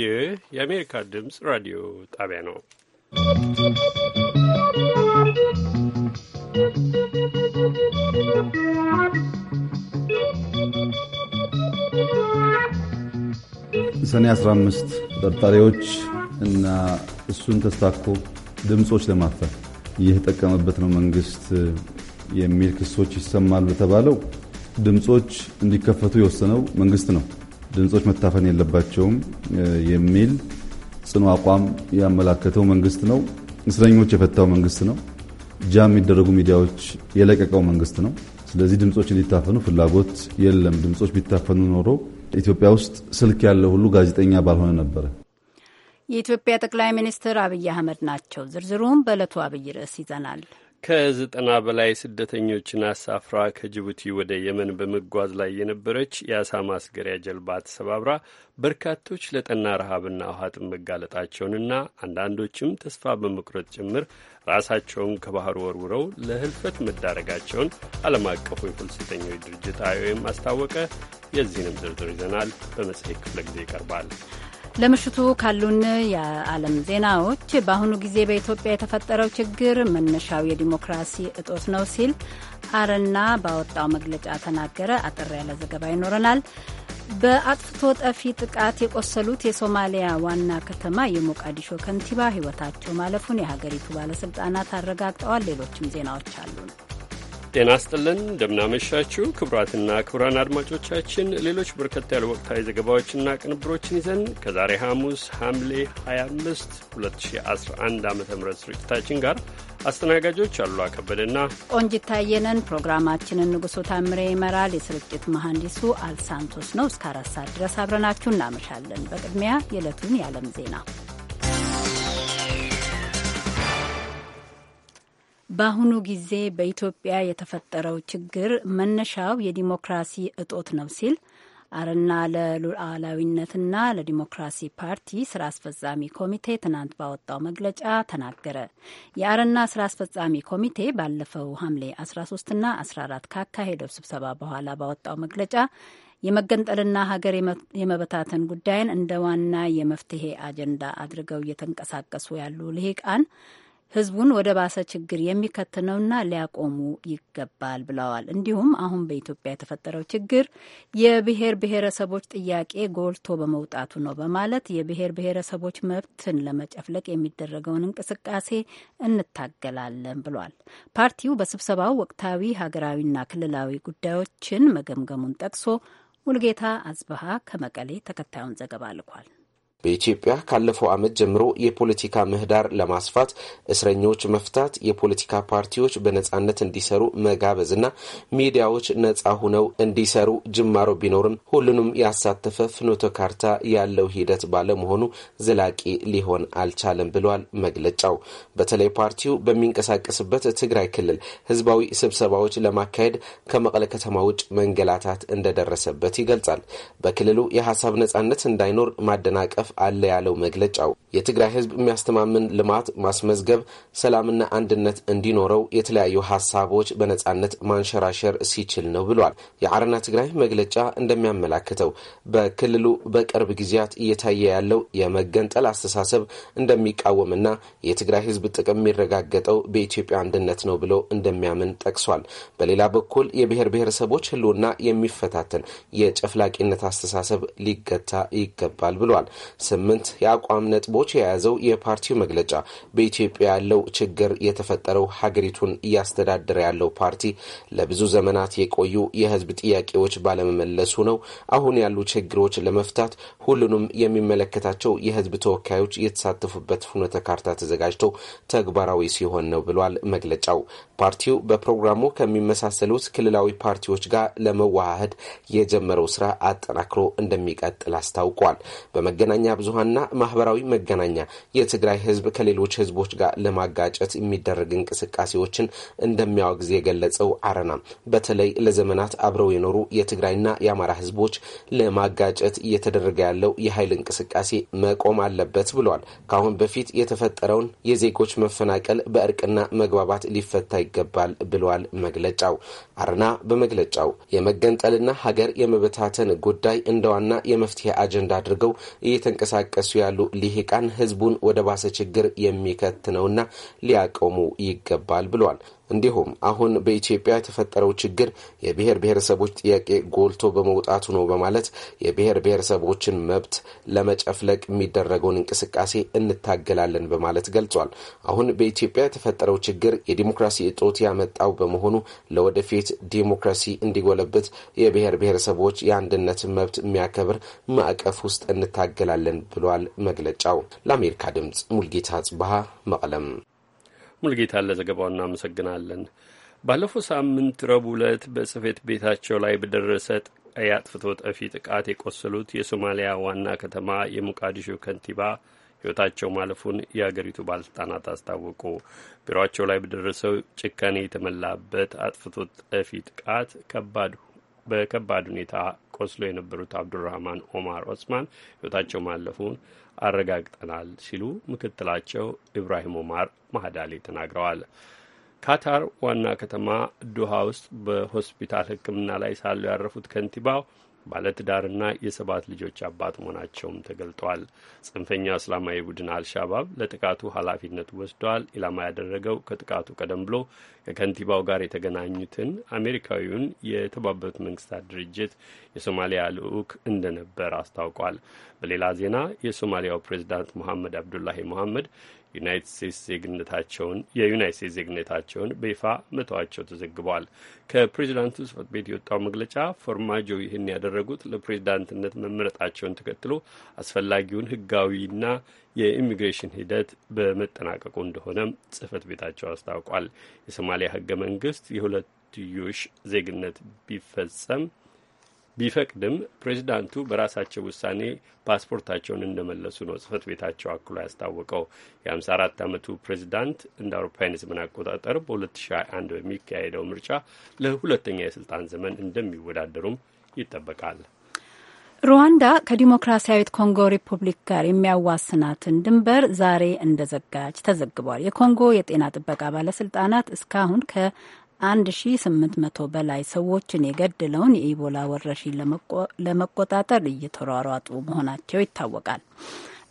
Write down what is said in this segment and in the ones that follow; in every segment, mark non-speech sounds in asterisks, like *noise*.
ይህ የአሜሪካ ድምፅ ራዲዮ ጣቢያ ነው። ሰኔ 15 ተጠርጣሪዎች እና እሱን ተስታኮ ድምፆች ለማፈን እየተጠቀመበት ነው መንግስት የሚል ክሶች ይሰማል በተባለው ድምፆች እንዲከፈቱ የወሰነው መንግስት ነው። ድምጾች መታፈን የለባቸውም የሚል ጽኑ አቋም ያመላከተው መንግስት ነው። እስረኞች የፈታው መንግስት ነው። ጃ የሚደረጉ ሚዲያዎች የለቀቀው መንግስት ነው። ስለዚህ ድምጾች እንዲታፈኑ ፍላጎት የለም። ድምጾች ቢታፈኑ ኖሮ ኢትዮጵያ ውስጥ ስልክ ያለው ሁሉ ጋዜጠኛ ባልሆነ ነበረ። የኢትዮጵያ ጠቅላይ ሚኒስትር አብይ አህመድ ናቸው። ዝርዝሩም በዕለቱ አብይ ርዕስ ይዘናል። ከዘጠና በላይ ስደተኞችን አሳፍራ ከጅቡቲ ወደ የመን በመጓዝ ላይ የነበረች የአሳ ማስገሪያ ጀልባ ተሰባብራ በርካቶች ለጠና ረሃብና ውሃ ጥም መጋለጣቸውንና አንዳንዶችም ተስፋ በመቁረጥ ጭምር ራሳቸውን ከባህር ወርውረው ለህልፈት መዳረጋቸውን ዓለም አቀፉ የፍልሰተኞች ድርጅት አይኦኤም አስታወቀ። የዚህንም ዝርዝር ይዘናል በመጽሔት ክፍለ ጊዜ ይቀርባል። ለምሽቱ ካሉን የዓለም ዜናዎች በአሁኑ ጊዜ በኢትዮጵያ የተፈጠረው ችግር መነሻው የዲሞክራሲ እጦት ነው ሲል አረና ባወጣው መግለጫ ተናገረ። አጠር ያለ ዘገባ ይኖረናል። በአጥፍቶ ጠፊ ጥቃት የቆሰሉት የሶማሊያ ዋና ከተማ የሞቃዲሾ ከንቲባ ሕይወታቸው ማለፉን የሀገሪቱ ባለስልጣናት አረጋግጠዋል። ሌሎችም ዜናዎች አሉን። ጤና ስጥልን እንደምናመሻችሁ ክቡራትና ክቡራን አድማጮቻችን ሌሎች በርከት ያሉ ወቅታዊ ዘገባዎችና ቅንብሮችን ይዘን ከዛሬ ሐሙስ ሐምሌ 25 2011 ዓ ም ስርጭታችን ጋር አስተናጋጆች አሉ አከበደና ቆንጂት ታየነን። ፕሮግራማችንን ንጉሱ ታምሬ ይመራል። የስርጭት መሐንዲሱ አልሳንቶስ ነው። እስከ አራት ሰዓት ድረስ አብረናችሁ እናመሻለን። በቅድሚያ የዕለቱን የዓለም ዜና በአሁኑ ጊዜ በኢትዮጵያ የተፈጠረው ችግር መነሻው የዲሞክራሲ እጦት ነው ሲል አረና ለሉዓላዊነትና ለዲሞክራሲ ፓርቲ ስራ አስፈጻሚ ኮሚቴ ትናንት ባወጣው መግለጫ ተናገረ። የአረና ስራ አስፈጻሚ ኮሚቴ ባለፈው ሐምሌ 13ና 14 ካካሄደው ስብሰባ በኋላ ባወጣው መግለጫ የመገንጠልና ሀገር የመበታተን ጉዳይን እንደ ዋና የመፍትሄ አጀንዳ አድርገው እየተንቀሳቀሱ ያሉ ልሂቃን ህዝቡን ወደ ባሰ ችግር የሚከትነውና ሊያቆሙ ይገባል ብለዋል። እንዲሁም አሁን በኢትዮጵያ የተፈጠረው ችግር የብሔር ብሔረሰቦች ጥያቄ ጎልቶ በመውጣቱ ነው በማለት የብሔር ብሔረሰቦች መብትን ለመጨፍለቅ የሚደረገውን እንቅስቃሴ እንታገላለን ብሏል። ፓርቲው በስብሰባው ወቅታዊ ሀገራዊና ክልላዊ ጉዳዮችን መገምገሙን ጠቅሶ ሙልጌታ አጽበሃ ከመቀሌ ተከታዩን ዘገባ ልኳል። በኢትዮጵያ ካለፈው ዓመት ጀምሮ የፖለቲካ ምህዳር ለማስፋት እስረኞች መፍታት፣ የፖለቲካ ፓርቲዎች በነጻነት እንዲሰሩ መጋበዝና ሚዲያዎች ነጻ ሁነው እንዲሰሩ ጅማሮ ቢኖርም ሁሉንም ያሳተፈ ፍኖተ ካርታ ያለው ሂደት ባለመሆኑ ዘላቂ ሊሆን አልቻለም ብሏል መግለጫው። በተለይ ፓርቲው በሚንቀሳቀስበት ትግራይ ክልል ህዝባዊ ስብሰባዎች ለማካሄድ ከመቀለ ከተማ ውጭ መንገላታት እንደደረሰበት ይገልጻል። በክልሉ የሀሳብ ነጻነት እንዳይኖር ማደናቀፍ ድጋፍ አለ ያለው መግለጫው የትግራይ ህዝብ የሚያስተማምን ልማት ማስመዝገብ፣ ሰላምና አንድነት እንዲኖረው የተለያዩ ሀሳቦች በነጻነት ማንሸራሸር ሲችል ነው ብሏል። የአረና ትግራይ መግለጫ እንደሚያመላክተው በክልሉ በቅርብ ጊዜያት እየታየ ያለው የመገንጠል አስተሳሰብ እንደሚቃወምና የትግራይ ህዝብ ጥቅም የሚረጋገጠው በኢትዮጵያ አንድነት ነው ብሎ እንደሚያምን ጠቅሷል። በሌላ በኩል የብሔር ብሔረሰቦች ህልውና የሚፈታተን የጨፍላቂነት አስተሳሰብ ሊገታ ይገባል ብሏል። ስምንት የአቋም ነጥቦች የያዘው የፓርቲው መግለጫ በኢትዮጵያ ያለው ችግር የተፈጠረው ሀገሪቱን እያስተዳደረ ያለው ፓርቲ ለብዙ ዘመናት የቆዩ የህዝብ ጥያቄዎች ባለመመለሱ ነው። አሁን ያሉ ችግሮች ለመፍታት ሁሉንም የሚመለከታቸው የህዝብ ተወካዮች የተሳተፉበት ሁነተ ካርታ ተዘጋጅቶ ተግባራዊ ሲሆን ነው ብሏል መግለጫው። ፓርቲው በፕሮግራሙ ከሚመሳሰሉት ክልላዊ ፓርቲዎች ጋር ለመዋሃድ የጀመረው ስራ አጠናክሮ እንደሚቀጥል አስታውቋል። በመገናኛ ብዙሀንና ማህበራዊ መገናኛ የትግራይ ህዝብ ከሌሎች ህዝቦች ጋር ለማጋጨት የሚደረግ እንቅስቃሴዎችን እንደሚያወግዝ የገለጸው አረና በተለይ ለዘመናት አብረው የኖሩ የትግራይና የአማራ ህዝቦች ለማጋጨት እየተደረገ ያለው የኃይል እንቅስቃሴ መቆም አለበት ብሏል። ከአሁን በፊት የተፈጠረውን የዜጎች መፈናቀል በእርቅና መግባባት ሊፈታ ይገባል ብለዋል መግለጫው። አረና በመግለጫው የመገንጠልና ሀገር የመበታተን ጉዳይ እንደ ዋና የመፍትሄ አጀንዳ አድርገው እየተንቀሳቀሱ ያሉ ሊሂቃን ህዝቡን ወደ ባሰ ችግር የሚከት ነውና ሊያቆሙ ይገባል ብለዋል። እንዲሁም አሁን በኢትዮጵያ የተፈጠረው ችግር የብሔር ብሔረሰቦች ጥያቄ ጎልቶ በመውጣቱ ነው በማለት የብሔር ብሔረሰቦችን መብት ለመጨፍለቅ የሚደረገውን እንቅስቃሴ እንታገላለን በማለት ገልጿል። አሁን በኢትዮጵያ የተፈጠረው ችግር የዲሞክራሲ እጦት ያመጣው በመሆኑ ለወደፊት ዲሞክራሲ እንዲጎለብት የብሔር ብሔረሰቦች የአንድነትን መብት የሚያከብር ማዕቀፍ ውስጥ እንታገላለን ብሏል መግለጫው። ለአሜሪካ ድምጽ ሙልጌታ ጽብሃ መቀለም ሙልጌታን ለዘገባው እናመሰግናለን። ባለፈው ሳምንት ረቡዕ ዕለት በጽህፈት ቤታቸው ላይ በደረሰ የአጥፍቶ ጠፊ ጥቃት የቆሰሉት የሶማሊያ ዋና ከተማ የሞቃዲሾ ከንቲባ ሕይወታቸው ማለፉን የአገሪቱ ባለስልጣናት አስታወቁ። ቢሮቸው ላይ በደረሰው ጭካኔ የተመላበት አጥፍቶ ጠፊ ጥቃት ከባድ በከባድ ሁኔታ ቆስሎ የነበሩት አብዱራህማን ኦማር ኦስማን ሕይወታቸው ማለፉን አረጋግጠናል ሲሉ ምክትላቸው ኢብራሂም ኦማር ማህዳሌ ተናግረዋል። ካታር ዋና ከተማ ዶሃ ውስጥ በሆስፒታል ሕክምና ላይ ሳሉ ያረፉት ከንቲባው ባለትዳርና የሰባት ልጆች አባት መሆናቸውም ተገልጧል። ጽንፈኛው እስላማዊ ቡድን አልሻባብ ለጥቃቱ ኃላፊነት ወስደዋል። ኢላማ ያደረገው ከጥቃቱ ቀደም ብሎ ከከንቲባው ጋር የተገናኙትን አሜሪካዊውን የተባበሩት መንግስታት ድርጅት የሶማሊያ ልዑክ እንደነበር አስታውቋል። በሌላ ዜና የሶማሊያው ፕሬዚዳንት መሐመድ አብዱላሂ መሐመድ ዩናይት ስቴትስ ዜግነታቸውን የዩናይት ስቴትስ ዜግነታቸውን በይፋ መተዋቸው ተዘግቧል። ከፕሬዚዳንቱ ጽህፈት ቤት የወጣው መግለጫ ፎርማጆ ይህን ያደረጉት ለፕሬዚዳንትነት መመረጣቸውን ተከትሎ አስፈላጊውን ህጋዊና የኢሚግሬሽን ሂደት በመጠናቀቁ እንደሆነም ጽህፈት ቤታቸው አስታውቋል። የሶማሊያ ህገ መንግስት የሁለትዮሽ ዜግነት ቢፈጸም ቢፈቅድም ፕሬዚዳንቱ በራሳቸው ውሳኔ ፓስፖርታቸውን እንደመለሱ ነው ጽህፈት ቤታቸው አክሎ ያስታወቀው። የ54 ዓመቱ ፕሬዚዳንት እንደ አውሮፓውያን ዘመን አቆጣጠር በ2021 በሚካሄደው ምርጫ ለሁለተኛ የስልጣን ዘመን እንደሚወዳደሩም ይጠበቃል። ሩዋንዳ ከዲሞክራሲያዊት ኮንጎ ሪፑብሊክ ጋር የሚያዋስናትን ድንበር ዛሬ እንደዘጋች ተዘግቧል። የኮንጎ የጤና ጥበቃ ባለስልጣናት እስካሁን ከ 1800 በላይ ሰዎችን የገደለውን የኢቦላ ወረርሽኝ ለመቆጣጠር እየተሯሯጡ መሆናቸው ይታወቃል።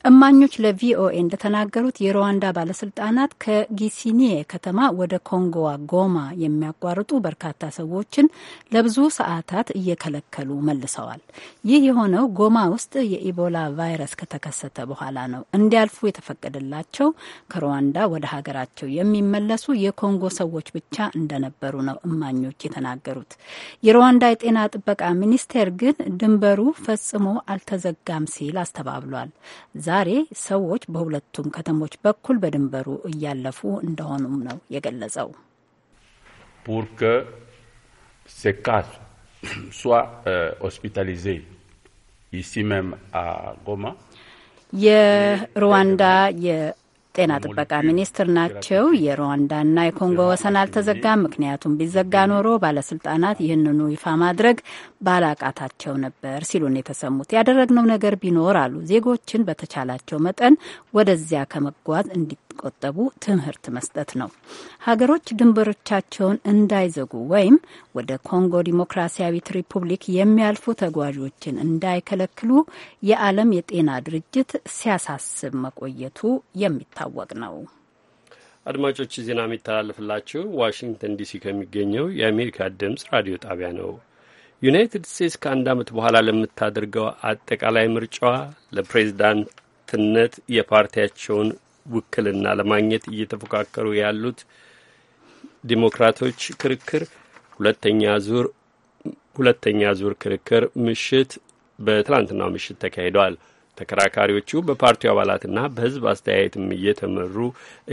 እማኞች ለቪኦኤ እንደተናገሩት የሩዋንዳ ባለስልጣናት ከጊሲኒዬ ከተማ ወደ ኮንጎዋ ጎማ የሚያቋርጡ በርካታ ሰዎችን ለብዙ ሰዓታት እየከለከሉ መልሰዋል። ይህ የሆነው ጎማ ውስጥ የኢቦላ ቫይረስ ከተከሰተ በኋላ ነው። እንዲያልፉ የተፈቀደላቸው ከሩዋንዳ ወደ ሀገራቸው የሚመለሱ የኮንጎ ሰዎች ብቻ እንደነበሩ ነው እማኞች የተናገሩት። የሩዋንዳ የጤና ጥበቃ ሚኒስቴር ግን ድንበሩ ፈጽሞ አልተዘጋም ሲል አስተባብሏል። ዛሬ ሰዎች በሁለቱም ከተሞች በኩል በድንበሩ እያለፉ እንደሆኑም ነው የገለጸው። ፑር ከ *clears throat* ሷ ሆስፒታሊዜ የሩዋንዳ የጤና ጥበቃ ሚኒስትር ናቸው። የሩዋንዳና የኮንጎ ወሰን አልተዘጋም። ምክንያቱም ቢዘጋ ኖሮ ባለስልጣናት ይህንኑ ይፋ ማድረግ ባላቃታቸው ነበር ሲሉን የተሰሙት። ያደረግነው ነገር ቢኖር አሉ ዜጎችን በተቻላቸው መጠን ወደዚያ ከመጓዝ እንዲቆጠቡ ትምህርት መስጠት ነው። ሀገሮች ድንበሮቻቸውን እንዳይዘጉ ወይም ወደ ኮንጎ ዲሞክራሲያዊት ሪፑብሊክ የሚያልፉ ተጓዦችን እንዳይከለክሉ የዓለም የጤና ድርጅት ሲያሳስብ መቆየቱ የሚታወቅ ነው። አድማጮች ዜና የሚተላለፍላችሁ ዋሽንግተን ዲሲ ከሚገኘው የአሜሪካ ድምጽ ራዲዮ ጣቢያ ነው። ዩናይትድ ስቴትስ ከአንድ ዓመት በኋላ ለምታደርገው አጠቃላይ ምርጫዋ ለፕሬዚዳንትነት የፓርቲያቸውን ውክልና ለማግኘት እየተፎካከሩ ያሉት ዲሞክራቶች ክርክር ሁለተኛ ዙር ሁለተኛ ዙር ክርክር ምሽት በትላንትናው ምሽት ተካሂደዋል። ተከራካሪዎቹ በፓርቲው አባላትና በህዝብ አስተያየትም እየተመሩ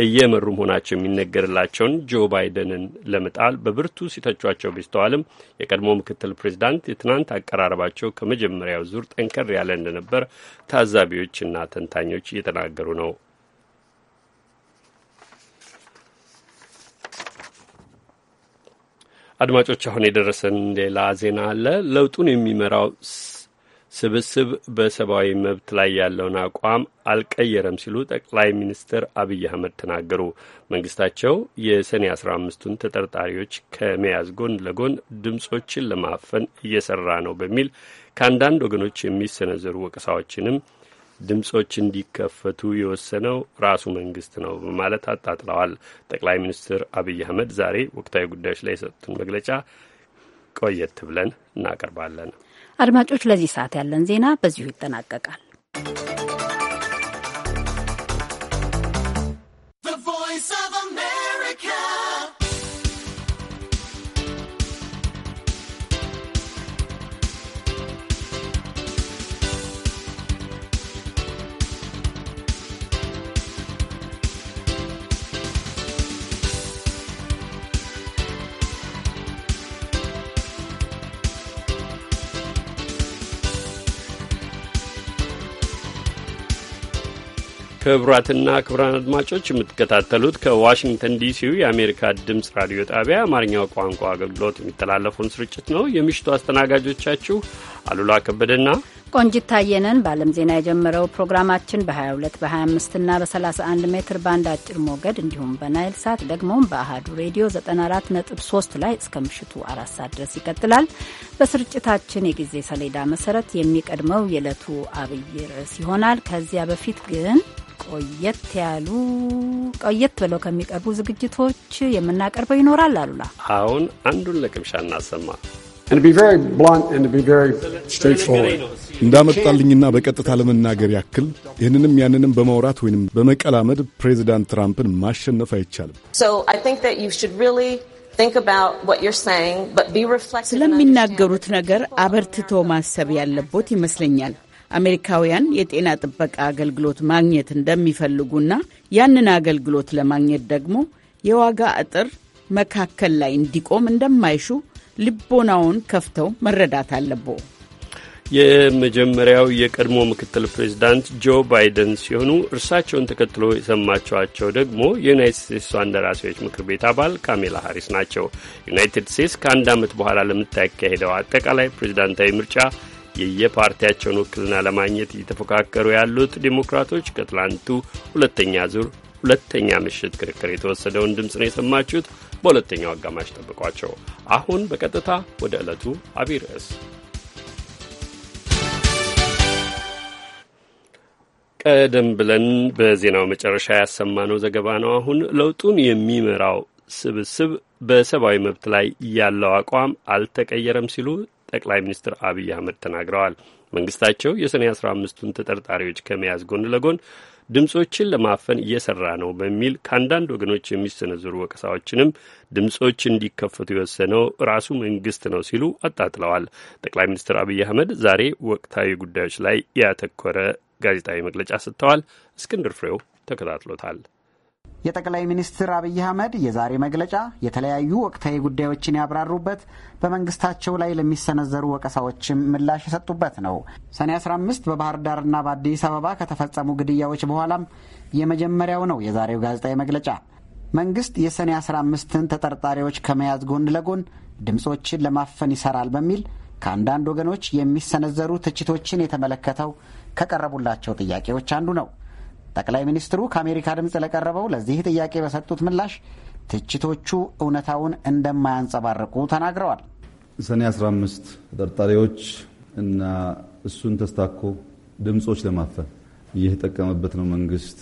እየመሩ መሆናቸው የሚነገርላቸውን ጆ ባይደንን ለመጣል በብርቱ ሲተቿቸው ቢስተዋልም የቀድሞ ምክትል ፕሬዚዳንት የትናንት አቀራረባቸው ከመጀመሪያው ዙር ጠንከር ያለ እንደነበር ታዛቢዎችና ተንታኞች እየተናገሩ ነው። አድማጮች፣ አሁን የደረሰን ሌላ ዜና አለ። ለውጡን የሚመራው ስብስብ በሰብአዊ መብት ላይ ያለውን አቋም አልቀየረም ሲሉ ጠቅላይ ሚኒስትር አብይ አህመድ ተናገሩ። መንግስታቸው የሰኔ አስራ አምስቱን ተጠርጣሪዎች ከመያዝ ጎን ለጎን ድምጾችን ለማፈን እየሰራ ነው በሚል ከአንዳንድ ወገኖች የሚሰነዘሩ ወቀሳዎችንም ድምጾች እንዲከፈቱ የወሰነው ራሱ መንግስት ነው በማለት አጣጥለዋል። ጠቅላይ ሚኒስትር አብይ አህመድ ዛሬ ወቅታዊ ጉዳዮች ላይ የሰጡትን መግለጫ ቆየት ብለን እናቀርባለን። አድማጮች፣ ለዚህ ሰዓት ያለን ዜና በዚሁ ይጠናቀቃል። ክቡራትና ክቡራን አድማጮች የምትከታተሉት ከዋሽንግተን ዲሲው የአሜሪካ ድምፅ ራዲዮ ጣቢያ የአማርኛው ቋንቋ አገልግሎት የሚተላለፈውን ስርጭት ነው። የምሽቱ አስተናጋጆቻችሁ አሉላ ከበደና ቆንጂት ታየነን። በዓለም ዜና የጀመረው ፕሮግራማችን በ22 በ25 እና በ31 ሜትር ባንድ አጭር ሞገድ እንዲሁም በናይል ሳት ደግሞም በአህዱ ሬዲዮ 94.3 ላይ እስከ ምሽቱ አራት ሰዓት ድረስ ይቀጥላል። በስርጭታችን የጊዜ ሰሌዳ መሰረት የሚቀድመው የዕለቱ አብይ ርዕስ ይሆናል። ከዚያ በፊት ግን ቆየት ያሉ ቆየት ብለው ከሚቀርቡ ዝግጅቶች የምናቀርበው ይኖራል። አሉላ አሁን አንዱን ለቅምሻ እናሰማ። እንዳመጣልኝና በቀጥታ ለመናገር ያክል ይህንንም ያንንም በማውራት ወይንም በመቀላመድ ፕሬዚዳንት ትራምፕን ማሸነፍ አይቻልም። ስለሚናገሩት ነገር አበርትቶ ማሰብ ያለቦት ይመስለኛል። አሜሪካውያን የጤና ጥበቃ አገልግሎት ማግኘት እንደሚፈልጉና ያንን አገልግሎት ለማግኘት ደግሞ የዋጋ አጥር መካከል ላይ እንዲቆም እንደማይሹ ልቦናውን ከፍተው መረዳት አለቦ። የመጀመሪያው የቀድሞ ምክትል ፕሬዚዳንት ጆ ባይደን ሲሆኑ እርሳቸውን ተከትሎ የሰማችኋቸው ደግሞ የዩናይትድ ስቴትስ እንደራሴዎች ምክር ቤት አባል ካሜላ ሀሪስ ናቸው። ዩናይትድ ስቴትስ ከአንድ ዓመት በኋላ ለምታካሄደው አጠቃላይ ፕሬዚዳንታዊ ምርጫ የየፓርቲያቸውን ውክልና ለማግኘት እየተፎካከሩ ያሉት ዴሞክራቶች ከትላንቱ ሁለተኛ ዙር ሁለተኛ ምሽት ክርክር የተወሰደውን ድምፅ ነው የሰማችሁት። በሁለተኛው አጋማሽ ጠብቋቸው። አሁን በቀጥታ ወደ ዕለቱ አብይ ርዕስ ቀደም ብለን በዜናው መጨረሻ ያሰማነው ዘገባ ነው። አሁን ለውጡን የሚመራው ስብስብ በሰብአዊ መብት ላይ ያለው አቋም አልተቀየረም ሲሉ ጠቅላይ ሚኒስትር አብይ አህመድ ተናግረዋል። መንግስታቸው የሰኔ አስራ አምስቱን ተጠርጣሪዎች ከመያዝ ጎን ለጎን ድምጾችን ለማፈን እየሰራ ነው በሚል ከአንዳንድ ወገኖች የሚሰነዘሩ ወቀሳዎችንም ድምጾች እንዲከፈቱ የወሰነው ራሱ መንግስት ነው ሲሉ አጣጥለዋል። ጠቅላይ ሚኒስትር አብይ አህመድ ዛሬ ወቅታዊ ጉዳዮች ላይ ያተኮረ ጋዜጣዊ መግለጫ ሰጥተዋል። እስክንድር ፍሬው ተከታትሎታል። የጠቅላይ ሚኒስትር አብይ አህመድ የዛሬ መግለጫ የተለያዩ ወቅታዊ ጉዳዮችን ያብራሩበት፣ በመንግስታቸው ላይ ለሚሰነዘሩ ወቀሳዎችም ምላሽ የሰጡበት ነው። ሰኔ 15 በባህር ዳርና በአዲስ አበባ ከተፈጸሙ ግድያዎች በኋላም የመጀመሪያው ነው የዛሬው ጋዜጣዊ መግለጫ። መንግስት የሰኔ 15ን ተጠርጣሪዎች ከመያዝ ጎን ለጎን ድምፆችን ለማፈን ይሰራል በሚል ከአንዳንድ ወገኖች የሚሰነዘሩ ትችቶችን የተመለከተው ከቀረቡላቸው ጥያቄዎች አንዱ ነው። ጠቅላይ ሚኒስትሩ ከአሜሪካ ድምፅ ለቀረበው ለዚህ ጥያቄ በሰጡት ምላሽ ትችቶቹ እውነታውን እንደማያንጸባርቁ ተናግረዋል። ሰኔ 15 ተጠርጣሪዎች እና እሱን ተስታኮ ድምፆች ለማፈን እየተጠቀመበት ነው መንግስት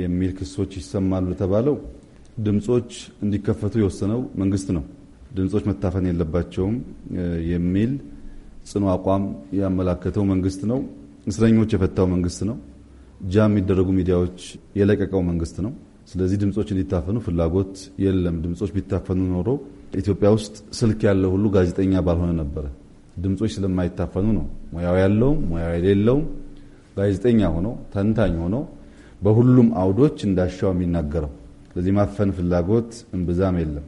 የሚል ክሶች ይሰማሉ የተባለው ድምፆች እንዲከፈቱ የወሰነው መንግስት ነው። ድምፆች መታፈን የለባቸውም የሚል ጽኑ አቋም ያመላከተው መንግስት ነው። እስረኞች የፈታው መንግስት ነው። ጃም የሚደረጉ ሚዲያዎች የለቀቀው መንግስት ነው። ስለዚህ ድምጾች እንዲታፈኑ ፍላጎት የለም። ድምጾች ቢታፈኑ ኖሮ ኢትዮጵያ ውስጥ ስልክ ያለው ሁሉ ጋዜጠኛ ባልሆነ ነበረ። ድምጾች ስለማይታፈኑ ነው ሙያው ያለውም ሙያው የሌለውም ጋዜጠኛ ሆኖ ተንታኝ ሆኖ በሁሉም አውዶች እንዳሻው የሚናገረው። ስለዚህ ማፈን ፍላጎት እምብዛም የለም።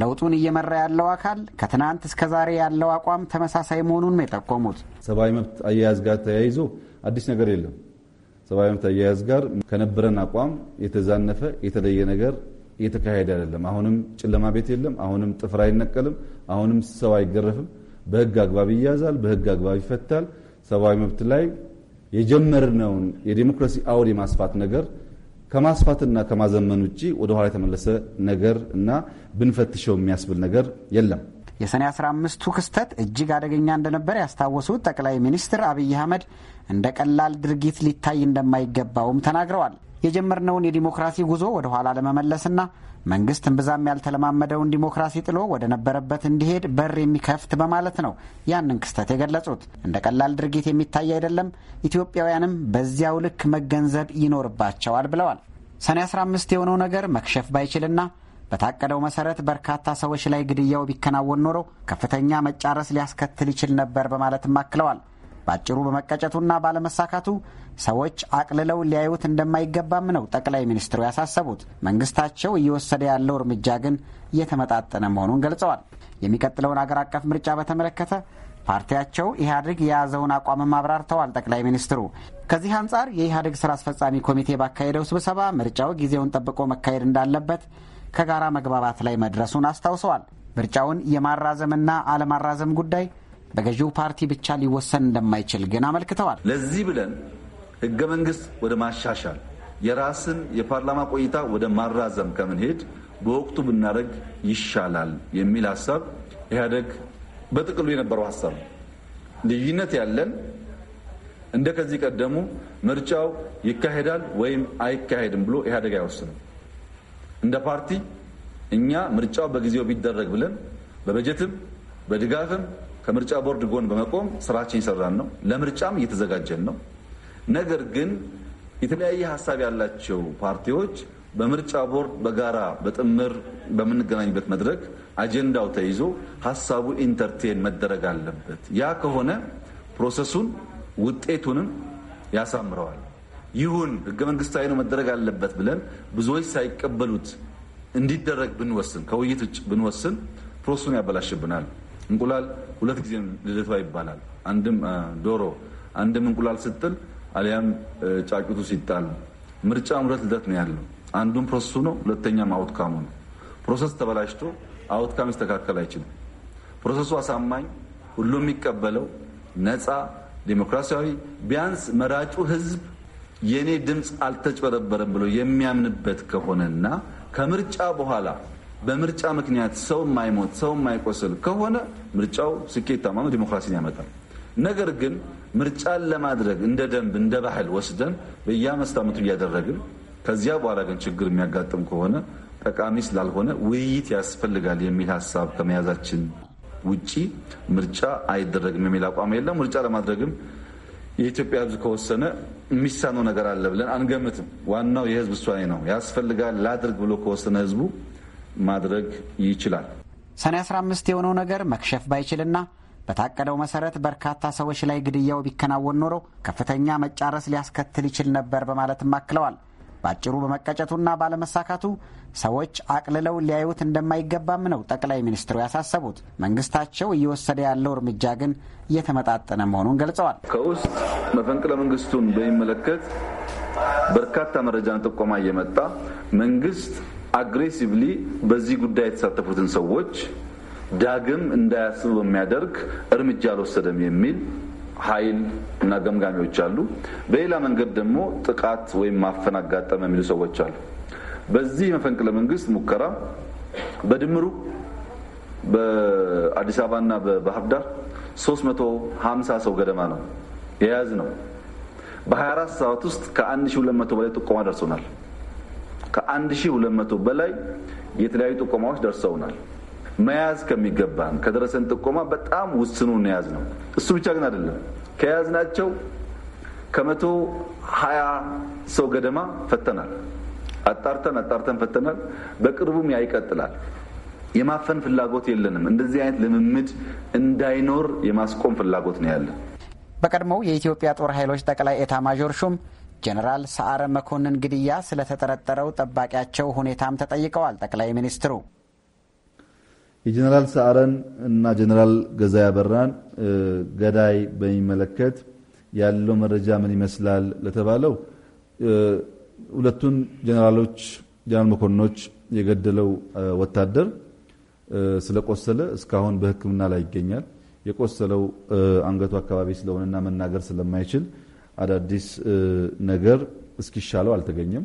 ለውጡን እየመራ ያለው አካል ከትናንት እስከ ዛሬ ያለው አቋም ተመሳሳይ መሆኑን ነው የጠቆሙት። ሰብአዊ መብት አያያዝ ጋር ተያይዞ አዲስ ነገር የለም። ሰብአዊ መብት አያያዝ ጋር ከነበረን አቋም የተዛነፈ የተለየ ነገር እየተካሄደ አይደለም። አሁንም ጨለማ ቤት የለም። አሁንም ጥፍር አይነቀልም። አሁንም ሰው አይገረፍም። በህግ አግባብ ይያዛል። በህግ አግባብ ይፈታል። ሰብአዊ መብት ላይ የጀመርነውን የዲሞክራሲ አውድ የማስፋት ነገር ከማስፋትና ከማዘመን ውጭ ወደኋላ የተመለሰ ነገር እና ብንፈትሸው የሚያስብል ነገር የለም። የሰኔ 15ቱ ክስተት እጅግ አደገኛ እንደነበር ያስታወሱት ጠቅላይ ሚኒስትር አብይ አህመድ እንደ ቀላል ድርጊት ሊታይ እንደማይገባውም ተናግረዋል። የጀመርነውን የዲሞክራሲ ጉዞ ወደ ኋላ ለመመለስና መንግስት እምብዛም ያልተለማመደውን ዲሞክራሲ ጥሎ ወደ ነበረበት እንዲሄድ በር የሚከፍት በማለት ነው ያንን ክስተት የገለጹት። እንደ ቀላል ድርጊት የሚታይ አይደለም፣ ኢትዮጵያውያንም በዚያው ልክ መገንዘብ ይኖርባቸዋል ብለዋል። ሰኔ 15 የሆነው ነገር መክሸፍ ባይችልና በታቀደው መሰረት በርካታ ሰዎች ላይ ግድያው ቢከናወን ኖሮ ከፍተኛ መጫረስ ሊያስከትል ይችል ነበር በማለትም አክለዋል። በአጭሩ በመቀጨቱና ባለመሳካቱ ሰዎች አቅልለው ሊያዩት እንደማይገባም ነው ጠቅላይ ሚኒስትሩ ያሳሰቡት። መንግስታቸው እየወሰደ ያለው እርምጃ ግን እየተመጣጠነ መሆኑን ገልጸዋል። የሚቀጥለውን አገር አቀፍ ምርጫ በተመለከተ ፓርቲያቸው ኢህአዴግ የያዘውን አቋምም አብራርተዋል። ጠቅላይ ሚኒስትሩ ከዚህ አንጻር የኢህአዴግ ስራ አስፈጻሚ ኮሚቴ ባካሄደው ስብሰባ ምርጫው ጊዜውን ጠብቆ መካሄድ እንዳለበት ከጋራ መግባባት ላይ መድረሱን አስታውሰዋል። ምርጫውን የማራዘምና አለማራዘም ጉዳይ በገዢው ፓርቲ ብቻ ሊወሰን እንደማይችል ግን አመልክተዋል። ለዚህ ብለን ህገ መንግስት ወደ ማሻሻል የራስን የፓርላማ ቆይታ ወደ ማራዘም ከምንሄድ በወቅቱ ብናደርግ ይሻላል የሚል ሀሳብ ኢህአደግ በጥቅሉ የነበረው ሀሳብ ነው። ልዩነት ያለን እንደ ከዚህ ቀደሙ ምርጫው ይካሄዳል ወይም አይካሄድም ብሎ ኢህአደግ አይወስንም። እንደ ፓርቲ እኛ ምርጫው በጊዜው ቢደረግ ብለን በበጀትም በድጋፍም ከምርጫ ቦርድ ጎን በመቆም ስራችን ይሰራን ነው። ለምርጫም እየተዘጋጀን ነው። ነገር ግን የተለያየ ሀሳብ ያላቸው ፓርቲዎች በምርጫ ቦርድ በጋራ በጥምር በምንገናኝበት መድረክ አጀንዳው ተይዞ ሀሳቡ ኢንተርቴን መደረግ አለበት። ያ ከሆነ ፕሮሰሱን ውጤቱንም ያሳምረዋል። ይሁን ህገ መንግስታዊ ነው መደረግ አለበት ብለን ብዙዎች ሳይቀበሉት እንዲደረግ ብንወስን ከውይይት ውጭ ብንወስን ፕሮሰሱን ያበላሽብናል። እንቁላል ሁለት ጊዜ ልደቷ ይባላል። አንድም ዶሮ አንድም እንቁላል ስጥል አሊያም ጫጩቱ ሲጣል ምርጫ ሁለት ልደት ነው ያለው። አንዱም ፕሮሰሱ ነው፣ ሁለተኛም አውትካሙ ነው። ፕሮሰስ ተበላሽቶ አውትካም ይስተካከል አይችልም። ፕሮሰሱ አሳማኝ፣ ሁሉም የሚቀበለው ነፃ፣ ዴሞክራሲያዊ ቢያንስ መራጩ ህዝብ የእኔ ድምፅ አልተጭበረበረም ብሎ የሚያምንበት ከሆነና ከምርጫ በኋላ በምርጫ ምክንያት ሰው የማይሞት ሰው የማይቆስል ከሆነ ምርጫው ስኬታማ ነው፣ ዲሞክራሲን ያመጣል። ነገር ግን ምርጫን ለማድረግ እንደ ደንብ እንደ ባህል ወስደን በየአምስት ዓመቱ እያደረግን ከዚያ በኋላ ግን ችግር የሚያጋጥም ከሆነ ጠቃሚ ስላልሆነ ውይይት ያስፈልጋል የሚል ሀሳብ ከመያዛችን ውጪ ምርጫ አይደረግም የሚል አቋም የለም። ምርጫ ለማድረግም የኢትዮጵያ ሕዝብ ከወሰነ የሚሳነው ነገር አለ ብለን አንገምትም። ዋናው የሕዝብ ውሳኔ ነው። ያስፈልጋል ላድርግ ብሎ ከወሰነ ሕዝቡ ማድረግ ይችላል። ሰኔ 15 የሆነው ነገር መክሸፍ ባይችልና በታቀደው መሰረት በርካታ ሰዎች ላይ ግድያው ቢከናወን ኖሮ ከፍተኛ መጫረስ ሊያስከትል ይችል ነበር በማለትም አክለዋል። በአጭሩ በመቀጨቱና ባለመሳካቱ ሰዎች አቅልለው ሊያዩት እንደማይገባም ነው ጠቅላይ ሚኒስትሩ ያሳሰቡት። መንግስታቸው እየወሰደ ያለው እርምጃ ግን እየተመጣጠነ መሆኑን ገልጸዋል። ከውስጥ መፈንቅለ መንግስቱን በሚመለከት በርካታ መረጃን ጥቆማ እየመጣ መንግስት አግሬሲቭሊ በዚህ ጉዳይ የተሳተፉትን ሰዎች ዳግም እንዳያስቡ የሚያደርግ እርምጃ አልወሰደም የሚል ኃይል እና ገምጋሚዎች አሉ። በሌላ መንገድ ደግሞ ጥቃት ወይም ማፈን አጋጠመ የሚሉ ሰዎች አሉ። በዚህ መፈንቅለ መንግስት ሙከራ በድምሩ በአዲስ እና በባህር ዳር 350 ሰው ገደማ ነው የያዝ ነው። በ24 ሰዓት ውስጥ ከ1200 በላይ ጥቆማ ደርሶናል። ከ1200 በላይ የተለያዩ ጥቆማዎች ደርሰውናል። መያዝ ከሚገባን ከደረሰን ጥቆማ በጣም ውስኑን ያዝ ነው። እሱ ብቻ ግን አይደለም። ከያዝናቸው ከመቶ ሀያ ሰው ገደማ ፈተናል። አጣርተን አጣርተን ፈተናል። በቅርቡም ያ ይቀጥላል። የማፈን ፍላጎት የለንም። እንደዚህ አይነት ልምምድ እንዳይኖር የማስቆም ፍላጎት ነው ያለን። በቀድሞው የኢትዮጵያ ጦር ኃይሎች ጠቅላይ ኤታ ማዦር ሹም ጀኔራል ሰዓረ መኮንን ግድያ ስለተጠረጠረው ጠባቂያቸው ሁኔታም ተጠይቀዋል ጠቅላይ ሚኒስትሩ የጀነራል ሰዓረን እና ጀነራል ገዛ ያበራን ገዳይ በሚመለከት ያለው መረጃ ምን ይመስላል ለተባለው ሁለቱን ጀነራሎች ጀነራል መኮንኖች የገደለው ወታደር ስለቆሰለ እስካሁን በሕክምና ላይ ይገኛል። የቆሰለው አንገቱ አካባቢ ስለሆነና መናገር ስለማይችል አዳዲስ ነገር እስኪሻለው አልተገኘም።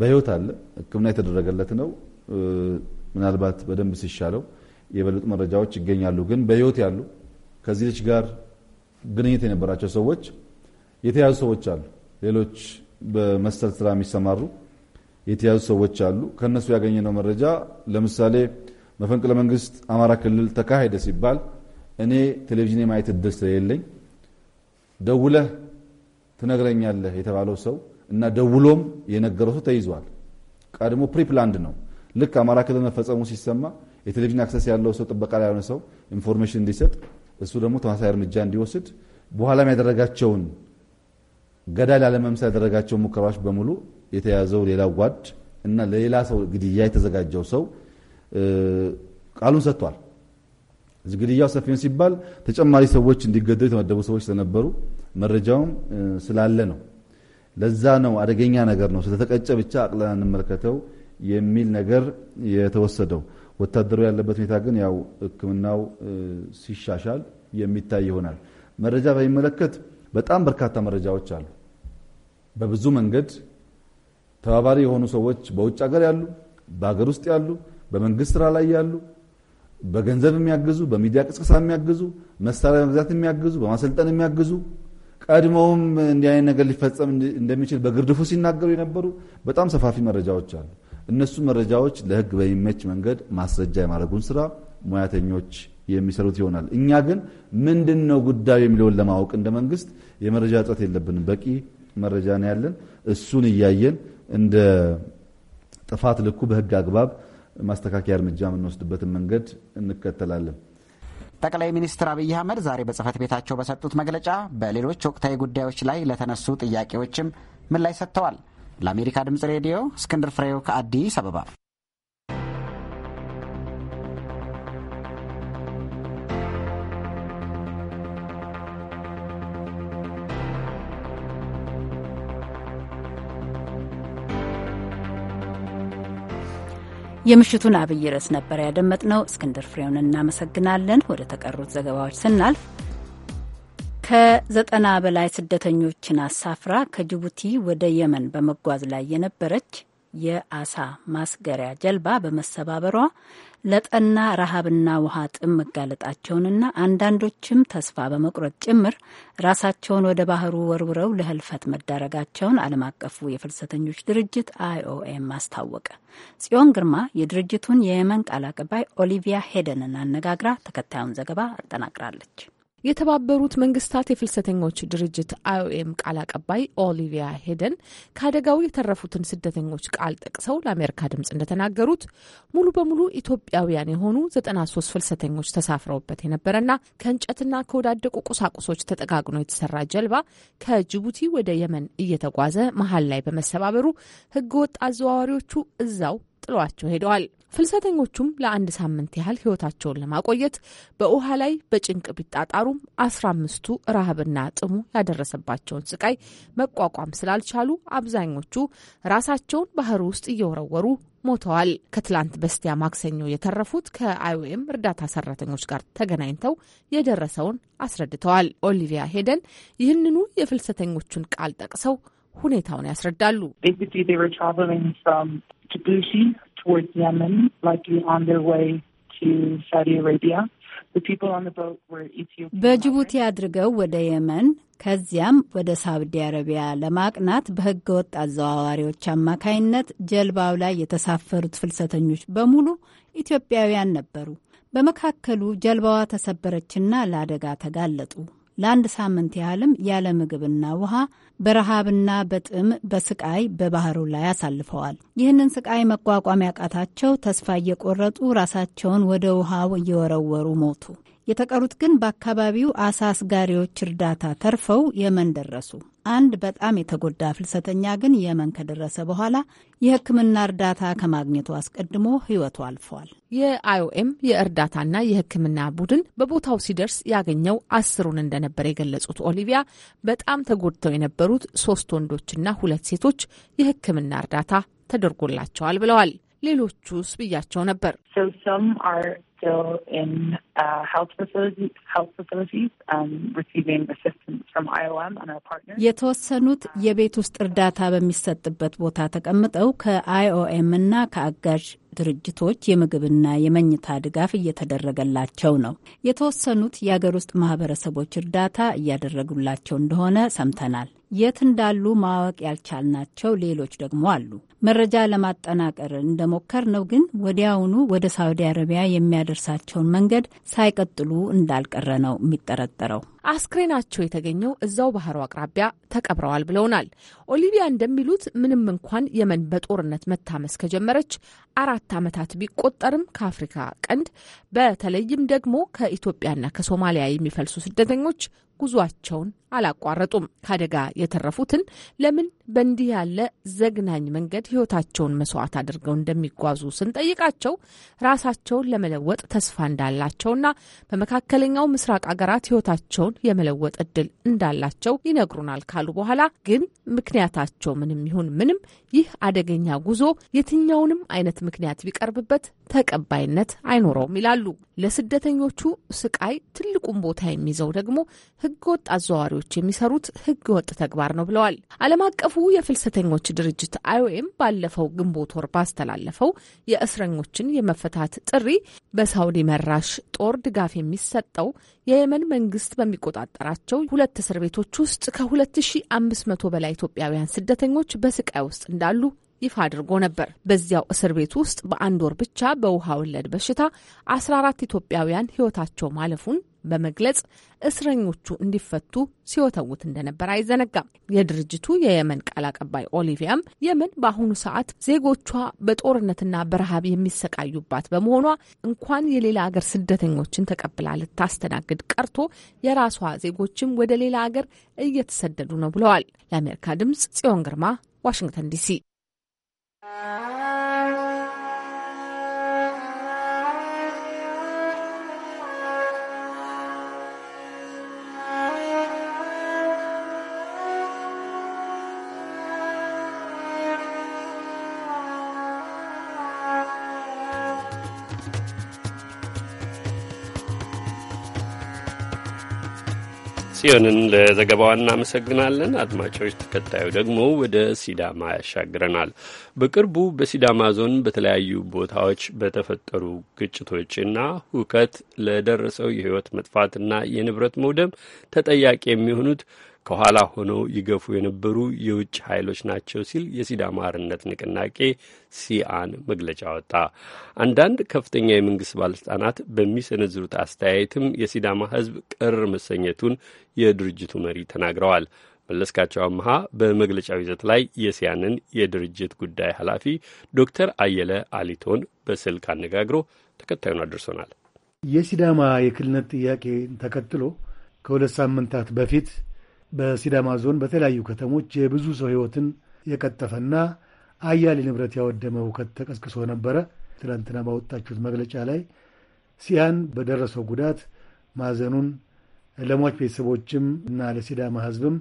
በሕይወት አለ። ሕክምና የተደረገለት ነው። ምናልባት በደንብ ሲሻለው የበለጡ መረጃዎች ይገኛሉ። ግን በህይወት ያሉ ከዚህ ልጅ ጋር ግንኙነት የነበራቸው ሰዎች የተያዙ ሰዎች አሉ። ሌሎች በመሰል ስራ የሚሰማሩ የተያዙ ሰዎች አሉ። ከእነሱ ያገኘነው መረጃ ለምሳሌ መፈንቅለ መንግስት አማራ ክልል ተካሄደ ሲባል እኔ ቴሌቪዥን የማየት እድል ስለሌለኝ ደውለህ ትነግረኛለህ የተባለው ሰው እና ደውሎም የነገረው ሰው ተይዟል። ቀድሞ ፕሪፕላንድ ነው። ልክ አማራ ክልል መፈጸሙ ሲሰማ የቴሌቪዥን አክሰስ ያለው ሰው ጥበቃ ላይ ያልሆነ ሰው ኢንፎርሜሽን እንዲሰጥ እሱ ደግሞ ተመሳሳይ እርምጃ እንዲወስድ በኋላም ያደረጋቸውን ገዳይ ላለመምሰል ያደረጋቸውን ሙከራዎች በሙሉ የተያዘው ሌላ ጓድ እና ለሌላ ሰው ግድያ የተዘጋጀው ሰው ቃሉን ሰጥቷል። እዚህ ግድያው ሰፊ ነው ሲባል ተጨማሪ ሰዎች እንዲገደሉ የተመደቡ ሰዎች ስለነበሩ መረጃውም ስላለ ነው። ለዛ ነው አደገኛ ነገር ነው። ስለተቀጨ ብቻ አቅለን እንመለከተው የሚል ነገር የተወሰደው። ወታደሩ ያለበት ሁኔታ ግን ያው ሕክምናው ሲሻሻል የሚታይ ይሆናል። መረጃ በሚመለከት በጣም በርካታ መረጃዎች አሉ። በብዙ መንገድ ተባባሪ የሆኑ ሰዎች በውጭ ሀገር ያሉ፣ በሀገር ውስጥ ያሉ፣ በመንግስት ስራ ላይ ያሉ፣ በገንዘብ የሚያግዙ፣ በሚዲያ ቅስቀሳ የሚያግዙ፣ መሳሪያ መግዛት የሚያግዙ፣ በማሰልጠን የሚያግዙ ቀድሞውም እንዲህ አይነት ነገር ሊፈጸም እንደሚችል በግርድፉ ሲናገሩ የነበሩ በጣም ሰፋፊ መረጃዎች አሉ። እነሱ መረጃዎች ለህግ በሚመች መንገድ ማስረጃ የማድረጉን ስራ ሙያተኞች የሚሰሩት ይሆናል። እኛ ግን ምንድን ነው ጉዳዩ የሚለውን ለማወቅ እንደ መንግስት የመረጃ እጥረት የለብንም። በቂ መረጃ ነው ያለን። እሱን እያየን እንደ ጥፋት ልኩ በህግ አግባብ ማስተካከያ እርምጃ የምንወስድበትን መንገድ እንከተላለን። ጠቅላይ ሚኒስትር አብይ አህመድ ዛሬ በጽህፈት ቤታቸው በሰጡት መግለጫ በሌሎች ወቅታዊ ጉዳዮች ላይ ለተነሱ ጥያቄዎችም ምላሽ ሰጥተዋል። ለአሜሪካ ድምፅ ሬዲዮ እስክንድር ፍሬው ከአዲስ አበባ። የምሽቱን አብይ ርዕስ ነበር ያደመጥነው። እስክንድር ፍሬውን እናመሰግናለን። ወደ ተቀሩት ዘገባዎች ስናልፍ ከዘጠና በላይ ስደተኞችን አሳፍራ ከጅቡቲ ወደ የመን በመጓዝ ላይ የነበረች የአሳ ማስገሪያ ጀልባ በመሰባበሯ ለጠና ረሃብና ውሃ ጥም መጋለጣቸውንና አንዳንዶችም ተስፋ በመቁረጥ ጭምር ራሳቸውን ወደ ባህሩ ወርውረው ለህልፈት መዳረጋቸውን ዓለም አቀፉ የፍልሰተኞች ድርጅት አይኦኤም አስታወቀ። ጽዮን ግርማ የድርጅቱን የየመን ቃል አቀባይ ኦሊቪያ ሄደንን አነጋግራ ተከታዩን ዘገባ አጠናቅራለች። የተባበሩት መንግስታት የፍልሰተኞች ድርጅት አይኦኤም ቃል አቀባይ ኦሊቪያ ሄደን ከአደጋው የተረፉትን ስደተኞች ቃል ጠቅሰው ለአሜሪካ ድምጽ እንደተናገሩት ሙሉ በሙሉ ኢትዮጵያውያን የሆኑ 93 ፍልሰተኞች ተሳፍረውበት የነበረና ከእንጨትና ከወዳደቁ ቁሳቁሶች ተጠጋግኖ የተሰራ ጀልባ ከጅቡቲ ወደ የመን እየተጓዘ መሀል ላይ በመሰባበሩ ህገወጥ አዘዋዋሪዎቹ እዛው ጥሏቸው ሄደዋል። ፍልሰተኞቹም ለአንድ ሳምንት ያህል ሕይወታቸውን ለማቆየት በውሃ ላይ በጭንቅ ቢጣጣሩም አስራ አምስቱ ረሃብና ጥሙ ያደረሰባቸውን ስቃይ መቋቋም ስላልቻሉ አብዛኞቹ ራሳቸውን ባህር ውስጥ እየወረወሩ ሞተዋል። ከትላንት በስቲያ ማክሰኞ የተረፉት ከአይኦኤም እርዳታ ሰራተኞች ጋር ተገናኝተው የደረሰውን አስረድተዋል። ኦሊቪያ ሄደን ይህንኑ የፍልሰተኞቹን ቃል ጠቅሰው ሁኔታውን ያስረዳሉ። በጅቡቲ አድርገው ወደ የመን ከዚያም ወደ ሳውዲ አረቢያ ለማቅናት በሕገ ወጥ አዘዋዋሪዎች አማካይነት ጀልባው ላይ የተሳፈሩት ፍልሰተኞች በሙሉ ኢትዮጵያውያን ነበሩ። በመካከሉ ጀልባዋ ተሰበረችና ለአደጋ ተጋለጡ። ለአንድ ሳምንት ያህልም ያለ ምግብና ውሃ በረሃብና በጥም በስቃይ በባህሩ ላይ አሳልፈዋል። ይህንን ስቃይ መቋቋም ያቃታቸው ተስፋ እየቆረጡ ራሳቸውን ወደ ውሃው እየወረወሩ ሞቱ። የተቀሩት ግን በአካባቢው አሳ አስጋሪዎች እርዳታ ተርፈው የመን ደረሱ። አንድ በጣም የተጎዳ ፍልሰተኛ ግን የመን ከደረሰ በኋላ የሕክምና እርዳታ ከማግኘቱ አስቀድሞ ሕይወቱ አልፏል። የአይኦኤም የእርዳታና የሕክምና ቡድን በቦታው ሲደርስ ያገኘው አስሩን እንደነበር የገለጹት ኦሊቪያ በጣም ተጎድተው የነበሩት ሶስት ወንዶችና ሁለት ሴቶች የሕክምና እርዳታ ተደርጎላቸዋል ብለዋል። ሌሎቹስ ብያቸው ነበር። uh, um, የተወሰኑት የቤት ውስጥ እርዳታ በሚሰጥበት ቦታ ተቀምጠው ከአይኦኤም እና ከአጋዥ ድርጅቶች የምግብና የመኝታ ድጋፍ እየተደረገላቸው ነው። የተወሰኑት የአገር ውስጥ ማህበረሰቦች እርዳታ እያደረጉላቸው እንደሆነ ሰምተናል። የት እንዳሉ ማወቅ ያልቻልናቸው ሌሎች ደግሞ አሉ። መረጃ ለማጠናቀር እንደሞከር ነው ግን ወዲያውኑ ወደ ሳውዲ አረቢያ የሚያደርሳቸውን መንገድ ሳይቀጥሉ እንዳልቀረ ነው የሚጠረጠረው። አስክሬናቸው የተገኘው እዛው ባህሩ አቅራቢያ ተቀብረዋል ብለውናል። ኦሊቪያ እንደሚሉት ምንም እንኳን የመን በጦርነት መታመስ ከጀመረች አራት ዓመታት ቢቆጠርም ከአፍሪካ ቀንድ በተለይም ደግሞ ከኢትዮጵያና ከሶማሊያ የሚፈልሱ ስደተኞች ጉዟቸውን አላቋረጡም። ከአደጋ የተረፉትን ለምን በእንዲህ ያለ ዘግናኝ መንገድ ህይወታቸውን መስዋዕት አድርገው እንደሚጓዙ ስንጠይቃቸው ራሳቸውን ለመለወጥ ተስፋ እንዳላቸውና በመካከለኛው ምስራቅ አገራት ህይወታቸውን የመለወጥ እድል እንዳላቸው ይነግሩናል ካሉ በኋላ ግን ምክንያታቸው ምንም ይሁን ምንም ይህ አደገኛ ጉዞ የትኛውንም አይነት ምክንያት ቢቀርብበት ተቀባይነት አይኖረውም ይላሉ። ለስደተኞቹ ስቃይ ትልቁን ቦታ የሚይዘው ደግሞ ህገወጥ አዘዋዋሪዎች የሚሰሩት ወጥ ተግባር ነው ብለዋል። ዓለም አቀፉ የፍልሰተኞች ድርጅት አይኦኤም ባለፈው ግንቦት ወር ባስተላለፈው የእስረኞችን የመፈታት ጥሪ በሳውዲ መራሽ ጦር ድጋፍ የሚሰጠው የየመን መንግስት በሚቆጣጠራቸው ሁለት እስር ቤቶች ውስጥ ከ2500 በላይ ኢትዮጵያውያን ስደተኞች በስቃይ ውስጥ እንዳ እንዳሉ ይፋ አድርጎ ነበር። በዚያው እስር ቤት ውስጥ በአንድ ወር ብቻ በውሃ ወለድ በሽታ 14 ኢትዮጵያውያን ሕይወታቸው ማለፉን በመግለጽ እስረኞቹ እንዲፈቱ ሲወተውት እንደነበር አይዘነጋም። የድርጅቱ የየመን ቃል አቀባይ ኦሊቪያም የመን በአሁኑ ሰዓት ዜጎቿ በጦርነትና በረሃብ የሚሰቃዩባት በመሆኗ እንኳን የሌላ አገር ስደተኞችን ተቀብላ ልታስተናግድ ቀርቶ የራሷ ዜጎችም ወደ ሌላ አገር እየተሰደዱ ነው ብለዋል። ለአሜሪካ ድምጽ ጽዮን ግርማ ዋሽንግተን ዲሲ ጽዮንን ለዘገባዋ እናመሰግናለን። አድማጮች፣ ተከታዩ ደግሞ ወደ ሲዳማ ያሻግረናል። በቅርቡ በሲዳማ ዞን በተለያዩ ቦታዎች በተፈጠሩ ግጭቶችና ሁከት ለደረሰው የህይወት መጥፋትና የንብረት መውደም ተጠያቂ የሚሆኑት ከኋላ ሆነው ይገፉ የነበሩ የውጭ ኃይሎች ናቸው ሲል የሲዳማ አርነት ንቅናቄ ሲአን መግለጫ ወጣ። አንዳንድ ከፍተኛ የመንግስት ባለስልጣናት በሚሰነዝሩት አስተያየትም የሲዳማ ሕዝብ ቅር መሰኘቱን የድርጅቱ መሪ ተናግረዋል። መለስካቸው አመሃ በመግለጫው ይዘት ላይ የሲያንን የድርጅት ጉዳይ ኃላፊ ዶክተር አየለ አሊቶን በስልክ አነጋግሮ ተከታዩን አድርሶናል። የሲዳማ የክልልነት ጥያቄን ተከትሎ ከሁለት ሳምንታት በፊት በሲዳማ ዞን በተለያዩ ከተሞች የብዙ ሰው ሕይወትን የቀጠፈና አያሌ ንብረት ያወደመ ሁከት ተቀስቅሶ ነበረ። ትላንትና ባወጣችሁት መግለጫ ላይ ሲያን በደረሰው ጉዳት ማዘኑን ለሟች ቤተሰቦችም እና ለሲዳማ ሕዝብም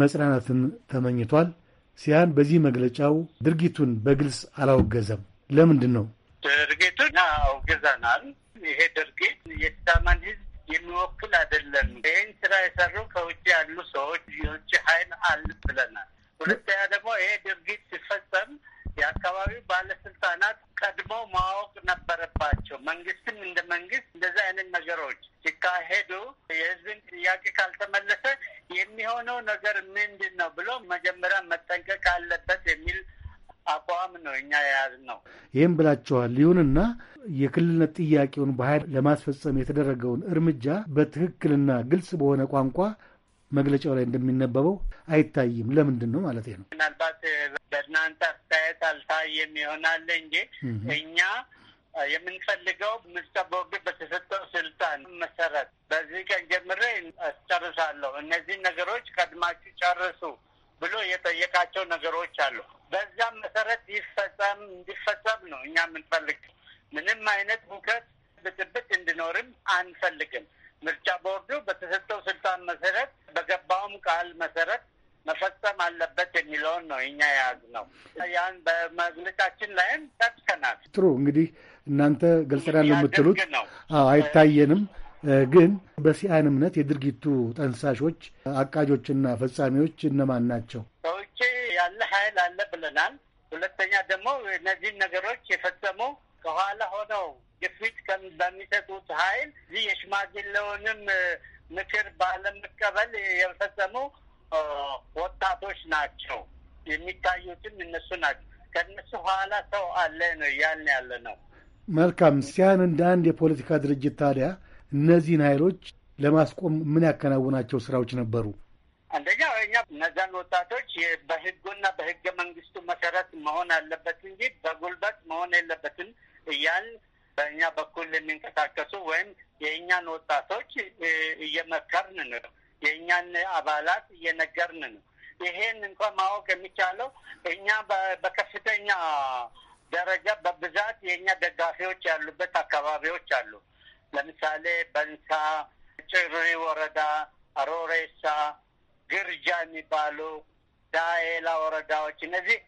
መጽናናትን ተመኝቷል። ሲያን በዚህ መግለጫው ድርጊቱን በግልጽ አላወገዘም። ለምንድን ነው ድርጊቱን አውገዛናል? ይሄ ድርጊት የሲዳማን ሕዝብ የሚወክል አይደለም። ይህን ስራ የሰሩ ከውጭ ያሉ ሰዎች የውጭ ሀይል አለ ብለናል። ሁለተኛ ደግሞ ይሄ ድርጊት ሲፈጸም የአካባቢው ባለስልጣናት ቀድመው ማወቅ ነበረባቸው። መንግስትም እንደ መንግስት እንደዚህ አይነት ነገሮች ሲካሄዱ የህዝብን ጥያቄ ካልተመለሰ የሚሆነው ነገር ምንድን ነው ብሎ መጀመሪያ መጠንቀቅ አለበት የሚል አቋም ነው እኛ የያዝን ነው። ይህም ብላችኋል። ይሁንና የክልልነት ጥያቄውን በኃይል ለማስፈጸም የተደረገውን እርምጃ በትክክልና ግልጽ በሆነ ቋንቋ መግለጫው ላይ እንደሚነበበው አይታይም። ለምንድን ነው ማለት ነው? ምናልባት በእናንተ አስተያየት አልታየም ይሆናል እንጂ እኛ የምንፈልገው ምርጫ በተሰጠው ስልጣን መሰረት በዚህ ቀን ጀምሬ ጨርሳለሁ፣ እነዚህን ነገሮች ቀድማችሁ ጨርሱ ብሎ የጠየቃቸው ነገሮች አሉ። በዚያም መሰረት ይፈጸም እንዲፈጸም ነው እኛ የምንፈልግ። ምንም አይነት ሁከት ብጥብጥ እንዲኖርም አንፈልግም። ምርጫ ቦርዱ በተሰጠው ስልጣን መሰረት በገባውም ቃል መሰረት መፈጸም አለበት የሚለውን ነው እኛ የያዝነው። ያን በመግለጫችን ላይም ጠቅሰናል። ጥሩ እንግዲህ እናንተ ገልጸናል ነው የምትሉት? አይታየንም ግን በሲአን እምነት የድርጊቱ ጠንሳሾች አቃጆችና ፈጻሚዎች እነማን ናቸው? ከውጭ ያለ ኃይል አለ ብለናል። ሁለተኛ ደግሞ እነዚህን ነገሮች የፈጸሙ ከኋላ ሆነው ግፊት በሚሰጡት ኃይል እዚህ የሽማግሌውንም ምክር ባለመቀበል የፈጸሙ ወጣቶች ናቸው። የሚታዩትም እነሱ ናቸው። ከእነሱ ኋላ ሰው አለ ነው እያልን ያለ ነው። መልካም ሲያን እንደ አንድ የፖለቲካ ድርጅት ታዲያ እነዚህን ኃይሎች ለማስቆም ምን ያከናውናቸው ስራዎች ነበሩ? አንደኛ እኛ እነዛን ወጣቶች በህጉና በህገ መንግስቱ መሰረት መሆን አለበት እንጂ በጉልበት መሆን የለበትም እያል በእኛ በኩል የሚንቀሳቀሱ ወይም የእኛን ወጣቶች እየመከርን ነው። የእኛን አባላት እየነገርን ነው። ይሄን እንኳን ማወቅ የሚቻለው እኛ በከፍተኛ ደረጃ በብዛት የእኛ ደጋፊዎች ያሉበት አካባቢዎች አሉ። ለምሳሌ በንሳ፣ ጭሪ ወረዳ፣ አሮሬሳ፣ ግርጃ የሚባሉ ዳኤላ ወረዳዎች እነዚህ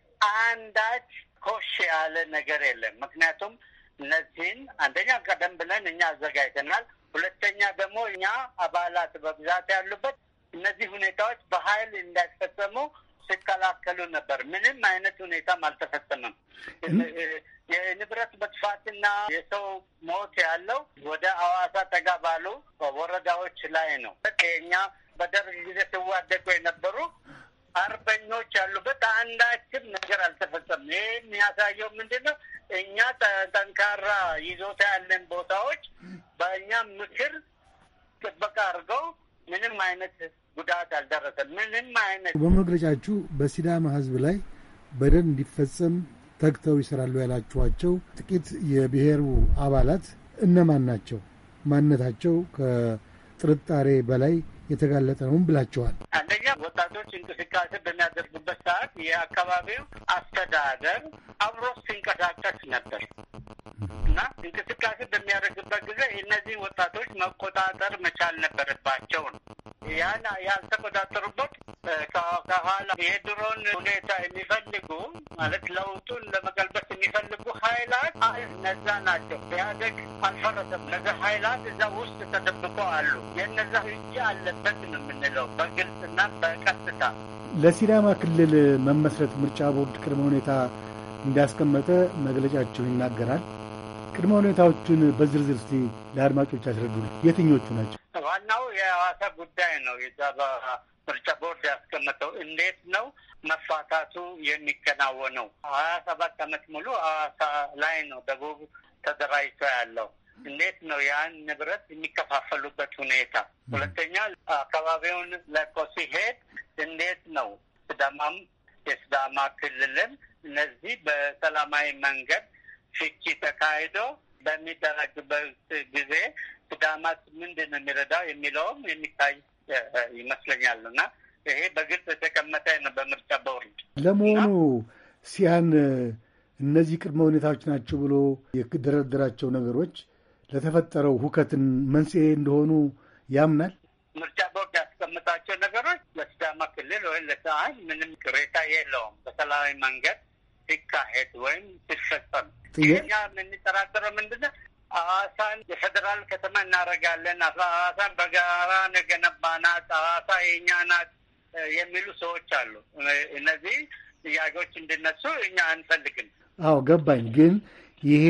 አንዳች ኮሽ ያለ ነገር የለም። ምክንያቱም እነዚህን አንደኛ ቀደም ብለን እኛ አዘጋጅተናል። ሁለተኛ ደግሞ እኛ አባላት በብዛት ያሉበት እነዚህ ሁኔታዎች በኃይል እንዳይፈጸሙ ሲከላከሉ ነበር። ምንም አይነት ሁኔታም አልተፈጸመም። የንብረት መጥፋትና የሰው ሞት ያለው ወደ ሐዋሳ ጠጋ ባሉ ወረዳዎች ላይ ነው። የኛ በደርግ ጊዜ ሲዋደቁ የነበሩ አርበኞች ያሉበት አንዳችም ነገር አልተፈጸም። ይህ የሚያሳየው ምንድን ነው? እኛ ጠንካራ ይዞታ ያለን ቦታዎች በእኛ ምክር ጥበቃ አድርገው ምንም አይነት ጉዳት አልደረሰም። ምንም አይነት በመግለጫችሁ በሲዳማ ህዝብ ላይ በደል እንዲፈጸም ተግተው ይሰራሉ ያላችኋቸው ጥቂት የብሔሩ አባላት እነማን ናቸው? ማንነታቸው ከጥርጣሬ በላይ የተጋለጠ ነውም ብላቸዋል። አንደኛ ወጣቶች እንቅስቃሴ በሚያደርጉበት ሰዓት የአካባቢው አስተዳደር አብሮ ሲንቀሳቀስ ነበር እና እንቅስቃሴ በሚያደርግበት ጊዜ እነዚህ ወጣቶች መቆጣጠር መቻል ነበረባቸው ነው ያን ያልተቆጣጠሩበት ከኋላ የድሮን ሁኔታ የሚፈልጉ ማለት ለውጡን ለመገልበጥ የሚፈልጉ ኃይላት ነዛ ናቸው። ኢህአዴግ አልፈረሰም። እነዚ ኃይላት እዛ ውስጥ ተደብቆ አሉ። የነዛ እጅ አለበት ነው የምንለው በግልጽና በቀጥታ። ለሲዳማ ክልል መመስረት ምርጫ ቦርድ ቅድመ ሁኔታ እንዳስቀመጠ መግለጫቸው ይናገራል። ቅድመ ሁኔታዎቹን በዝርዝር እስቲ ለአድማጮች ያስረዱን። የትኞቹ ናቸው? ዋናው የሐዋሳ ጉዳይ ነው። የዛ በምርጫ ቦርድ ያስቀመጠው እንዴት ነው መፋታቱ የሚከናወነው? ሀያ ሰባት ዓመት ሙሉ ሐዋሳ ላይ ነው ደቡብ ተደራጅቶ ያለው እንዴት ነው ያን ንብረት የሚከፋፈሉበት ሁኔታ? ሁለተኛ አካባቢውን ለቆ ሲሄድ እንዴት ነው ስዳማም የስዳማ ክልልን እነዚህ በሰላማዊ መንገድ ፍቺ ተካሂዶ በሚደረግበት ጊዜ ትዳማት ምንድን ነው የሚረዳው የሚለውም የሚታይ ይመስለኛል እና ይሄ በግልጽ የተቀመጠ ነው በምርጫ ቦርድ። ለመሆኑ ሲያን እነዚህ ቅድመ ሁኔታዎች ናቸው ብሎ የደረደራቸው ነገሮች ለተፈጠረው ሁከትን መንስኤ እንደሆኑ ያምናል። ምርጫ ቦርድ ያስቀምጣቸው ነገሮች ለሲዳማ ክልል ወይም ለሰዓን ምንም ቅሬታ የለውም። በሰላማዊ መንገድ ሲካሄድ ወይም ሲፈጸም እኛ የምንጠራጠረው ምንድነው? ሐዋሳን የፌዴራል ከተማ እናደርጋለን፣ ሐዋሳን በጋራ ነገነባ ናት፣ ሐዋሳ የእኛ ናት የሚሉ ሰዎች አሉ። እነዚህ ጥያቄዎች እንዲነሱ እኛ አንፈልግም። አዎ ገባኝ። ግን ይሄ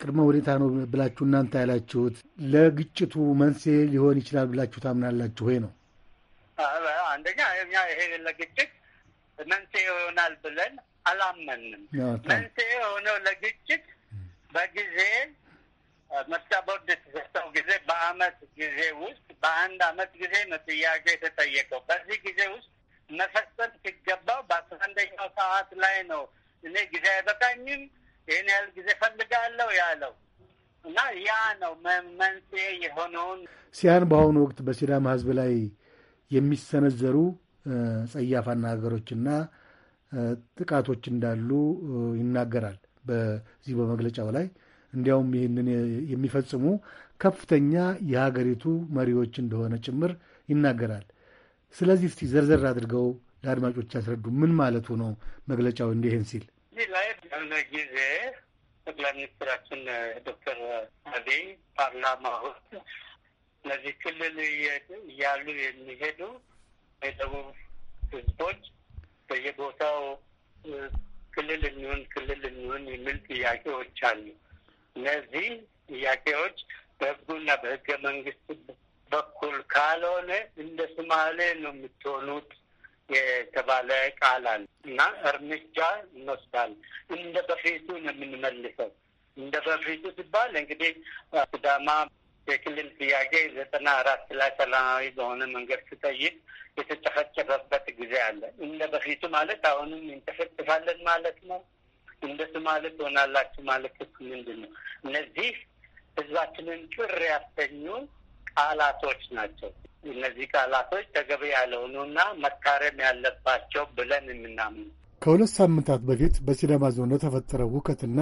ቅድመ ሁኔታ ነው ብላችሁ እናንተ ያላችሁት ለግጭቱ መንስኤ ሊሆን ይችላል ብላችሁ ታምናላችሁ ወይ ነው? አንደኛ እኛ ይሄ ለግጭት መንስኤ ይሆናል ብለን አላመንም። መንስኤ የሆነው ለግጭት በጊዜ ምርጫ ቦርድ የተሰጠው ጊዜ በአመት ጊዜ ውስጥ በአንድ አመት ጊዜ ነው የተጠየቀው። በዚህ ጊዜ ውስጥ መፈጸም ሲገባው በአስራ አንደኛው ሰዓት ላይ ነው እኔ ጊዜ አይበቃኝም ይህን ያህል ጊዜ ፈልጋለሁ ያለው እና ያ ነው መንስኤ የሆነውን ሲያን በአሁኑ ወቅት በሲዳማ ህዝብ ላይ የሚሰነዘሩ ጸያፍ አነጋገሮችና ጥቃቶች እንዳሉ ይናገራል በዚህ በመግለጫው ላይ። እንዲያውም ይህንን የሚፈጽሙ ከፍተኛ የሀገሪቱ መሪዎች እንደሆነ ጭምር ይናገራል። ስለዚህ እስቲ ዘርዘር አድርገው ለአድማጮች ያስረዱ። ምን ማለቱ ነው መግለጫው? እንዲህን ሲል ላይ ያለ ጊዜ ጠቅላይ ሚኒስትራችን ዶክተር አብይ ፓርላማ ውስጥ እነዚህ ክልል እያሉ የሚሄዱ የደቡብ ህዝቦች በየቦታው ክልል እንሁን ክልል እንሁን የሚል ጥያቄዎች አሉ። እነዚህ ጥያቄዎች በሕጉና በህገ መንግስት በኩል ካልሆነ እንደ ሶማሌ ነው የምትሆኑት የተባለ ቃል አለ እና እርምጃ እንወስዳል። እንደ በፊቱ ነው የምንመልሰው። እንደ በፊቱ ሲባል እንግዲህ ሲዳማ የክልል ጥያቄ ዘጠና አራት ላይ ሰላማዊ በሆነ መንገድ ስጠይቅ የተጨፈጨፈበት ጊዜ አለ። እንደ በፊቱ ማለት አሁንም እንጨፈጭፋለን ማለት ነው። እንደሱ ማለት ሆናላችሁ ማለት ምንድን ነው? እነዚህ ህዝባችንን ጭር ያሰኙ ቃላቶች ናቸው። እነዚህ ቃላቶች ተገቢ ያልሆኑና መታረም ያለባቸው ብለን የምናምኑ ከሁለት ሳምንታት በፊት በሲዳማ ዞን ለተፈጠረው ውከትና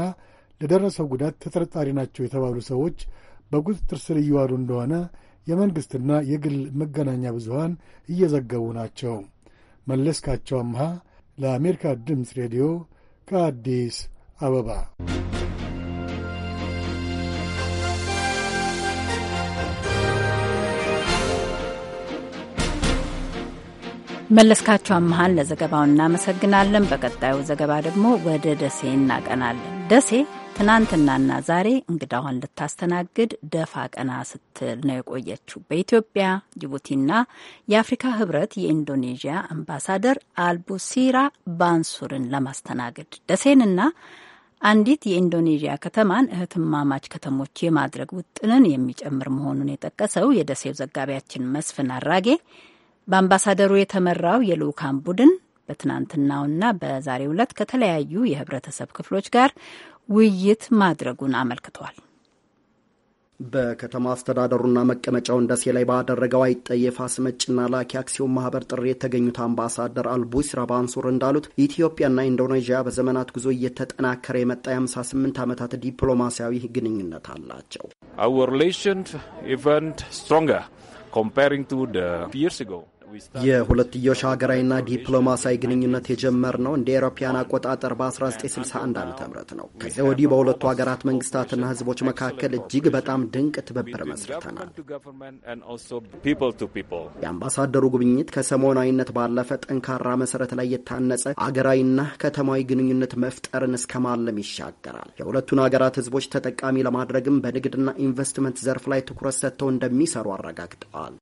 ለደረሰው ጉዳት ተጠርጣሪ ናቸው የተባሉ ሰዎች በቁጥጥር ስር እየዋሉ እንደሆነ የመንግሥትና የግል መገናኛ ብዙሃን እየዘገቡ ናቸው። መለስካቸው አምሃ ለአሜሪካ ድምፅ ሬዲዮ ከአዲስ አበባ መለስካቸው አመሃን ለዘገባው እናመሰግናለን። በቀጣዩ ዘገባ ደግሞ ወደ ደሴ እናቀናለን። ደሴ ትናንትናና ዛሬ እንግዳዋን ልታስተናግድ ደፋ ቀና ስትል ነው የቆየችው። በኢትዮጵያ ጅቡቲና የአፍሪካ ህብረት የኢንዶኔዥያ አምባሳደር አልቡሲራ ባንሱርን ለማስተናገድ ደሴንና አንዲት የኢንዶኔዥያ ከተማን እህትማማች ከተሞች የማድረግ ውጥንን የሚጨምር መሆኑን የጠቀሰው የደሴው ዘጋቢያችን መስፍን አራጌ በአምባሳደሩ የተመራው የልዑካን ቡድን በትናንትናውና በዛሬው ዕለት ከተለያዩ የህብረተሰብ ክፍሎች ጋር ውይይት ማድረጉን አመልክቷል። በከተማ አስተዳደሩና መቀመጫውን ደሴ ላይ ባደረገው አይጠየፍ አስመጭና ላኪ አክሲዮን ማህበር ጥሪ የተገኙት አምባሳደር አልቡስራ ባንሱር እንዳሉት ኢትዮጵያና ኢንዶኔዥያ በዘመናት ጉዞ እየተጠናከረ የመጣ የ58 ዓመታት ዲፕሎማሲያዊ ግንኙነት አላቸው። የሁለትዮሽ ሀገራዊና ዲፕሎማሲያዊ ግንኙነት የጀመርነው እንደ ኤሮፓያን አቆጣጠር በ1961 ዓ ም ነው። ከዚያ ወዲህ በሁለቱ ሀገራት መንግስታትና ህዝቦች መካከል እጅግ በጣም ድንቅ ትብብር መስርተናል። የአምባሳደሩ ጉብኝት ከሰሞናዊነት ባለፈ ጠንካራ መሰረት ላይ የታነጸ አገራዊና ከተማዊ ግንኙነት መፍጠርን እስከ ማለም ይሻገራል። የሁለቱን ሀገራት ህዝቦች ተጠቃሚ ለማድረግም በንግድና ኢንቨስትመንት ዘርፍ ላይ ትኩረት ሰጥተው እንደሚሰሩ አረጋግጠዋል።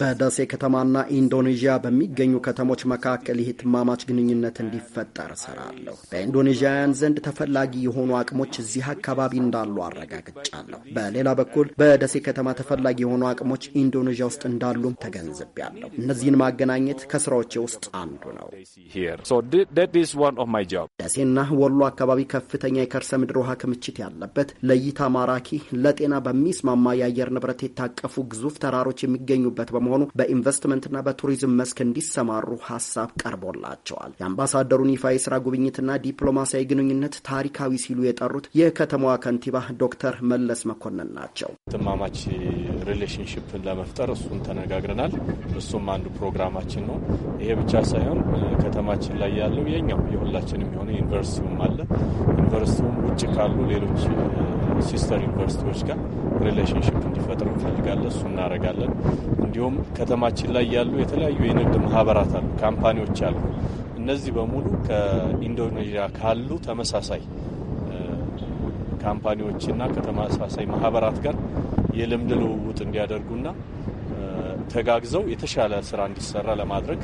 በደሴ ከተማና ኢንዶኔዥያ በሚገኙ ከተሞች መካከል ይህ ትማማች ግንኙነት እንዲፈጠር እሰራለሁ። በኢንዶኔዥያውያን ዘንድ ተፈላጊ የሆኑ አቅሞች እዚህ አካባቢ እንዳሉ አረጋግጫለሁ። በሌላ በኩል በደሴ ከተማ ተፈላጊ የሆኑ አቅሞች ኢንዶኔዥያ ውስጥ እንዳሉም ተገንዝቤያለሁ። እነዚህን ማገናኘት ከስራዎቼ ውስጥ አንዱ ነው። ደሴና ወሎ አካባቢ ከፍተኛ የከርሰ ምድር ውሃ ክምችት ያለበት ለእይታ ማራኪ፣ ለጤና በሚስማማ የአየር ንብረት የታቀፉ ግዙፍ ተራሮች የሚገኙ የሚገኙበት በመሆኑ በኢንቨስትመንትና በቱሪዝም መስክ እንዲሰማሩ ሀሳብ ቀርቦላቸዋል። የአምባሳደሩን ይፋ የስራ ጉብኝትና ዲፕሎማሲያዊ ግንኙነት ታሪካዊ ሲሉ የጠሩት የከተማዋ ከንቲባ ዶክተር መለስ መኮንን ናቸው። ትማማች ሪሌሽንሽፕን ለመፍጠር እሱን ተነጋግረናል። እሱም አንዱ ፕሮግራማችን ነው። ይሄ ብቻ ሳይሆን ከተማችን ላይ ያለው የኛው የሁላችንም የሆነ ዩኒቨርሲቲውም አለ። ዩኒቨርሲቲውም ውጭ ካሉ ሌሎች ሲስተር ዩኒቨርሲቲዎች ጋር ሪሌሽንሽፕ እንዲፈጥር እንፈልጋለን። እሱ እናደርጋለን። እንዲሁም ከተማችን ላይ ያሉ የተለያዩ የንግድ ማህበራት አሉ፣ ካምፓኒዎች አሉ። እነዚህ በሙሉ ከኢንዶኔዥያ ካሉ ተመሳሳይ ካምፓኒዎችና ከተመሳሳይ ማህበራት ጋር የልምድ ልውውጥ እንዲያደርጉና ተጋግዘው የተሻለ ስራ እንዲሰራ ለማድረግ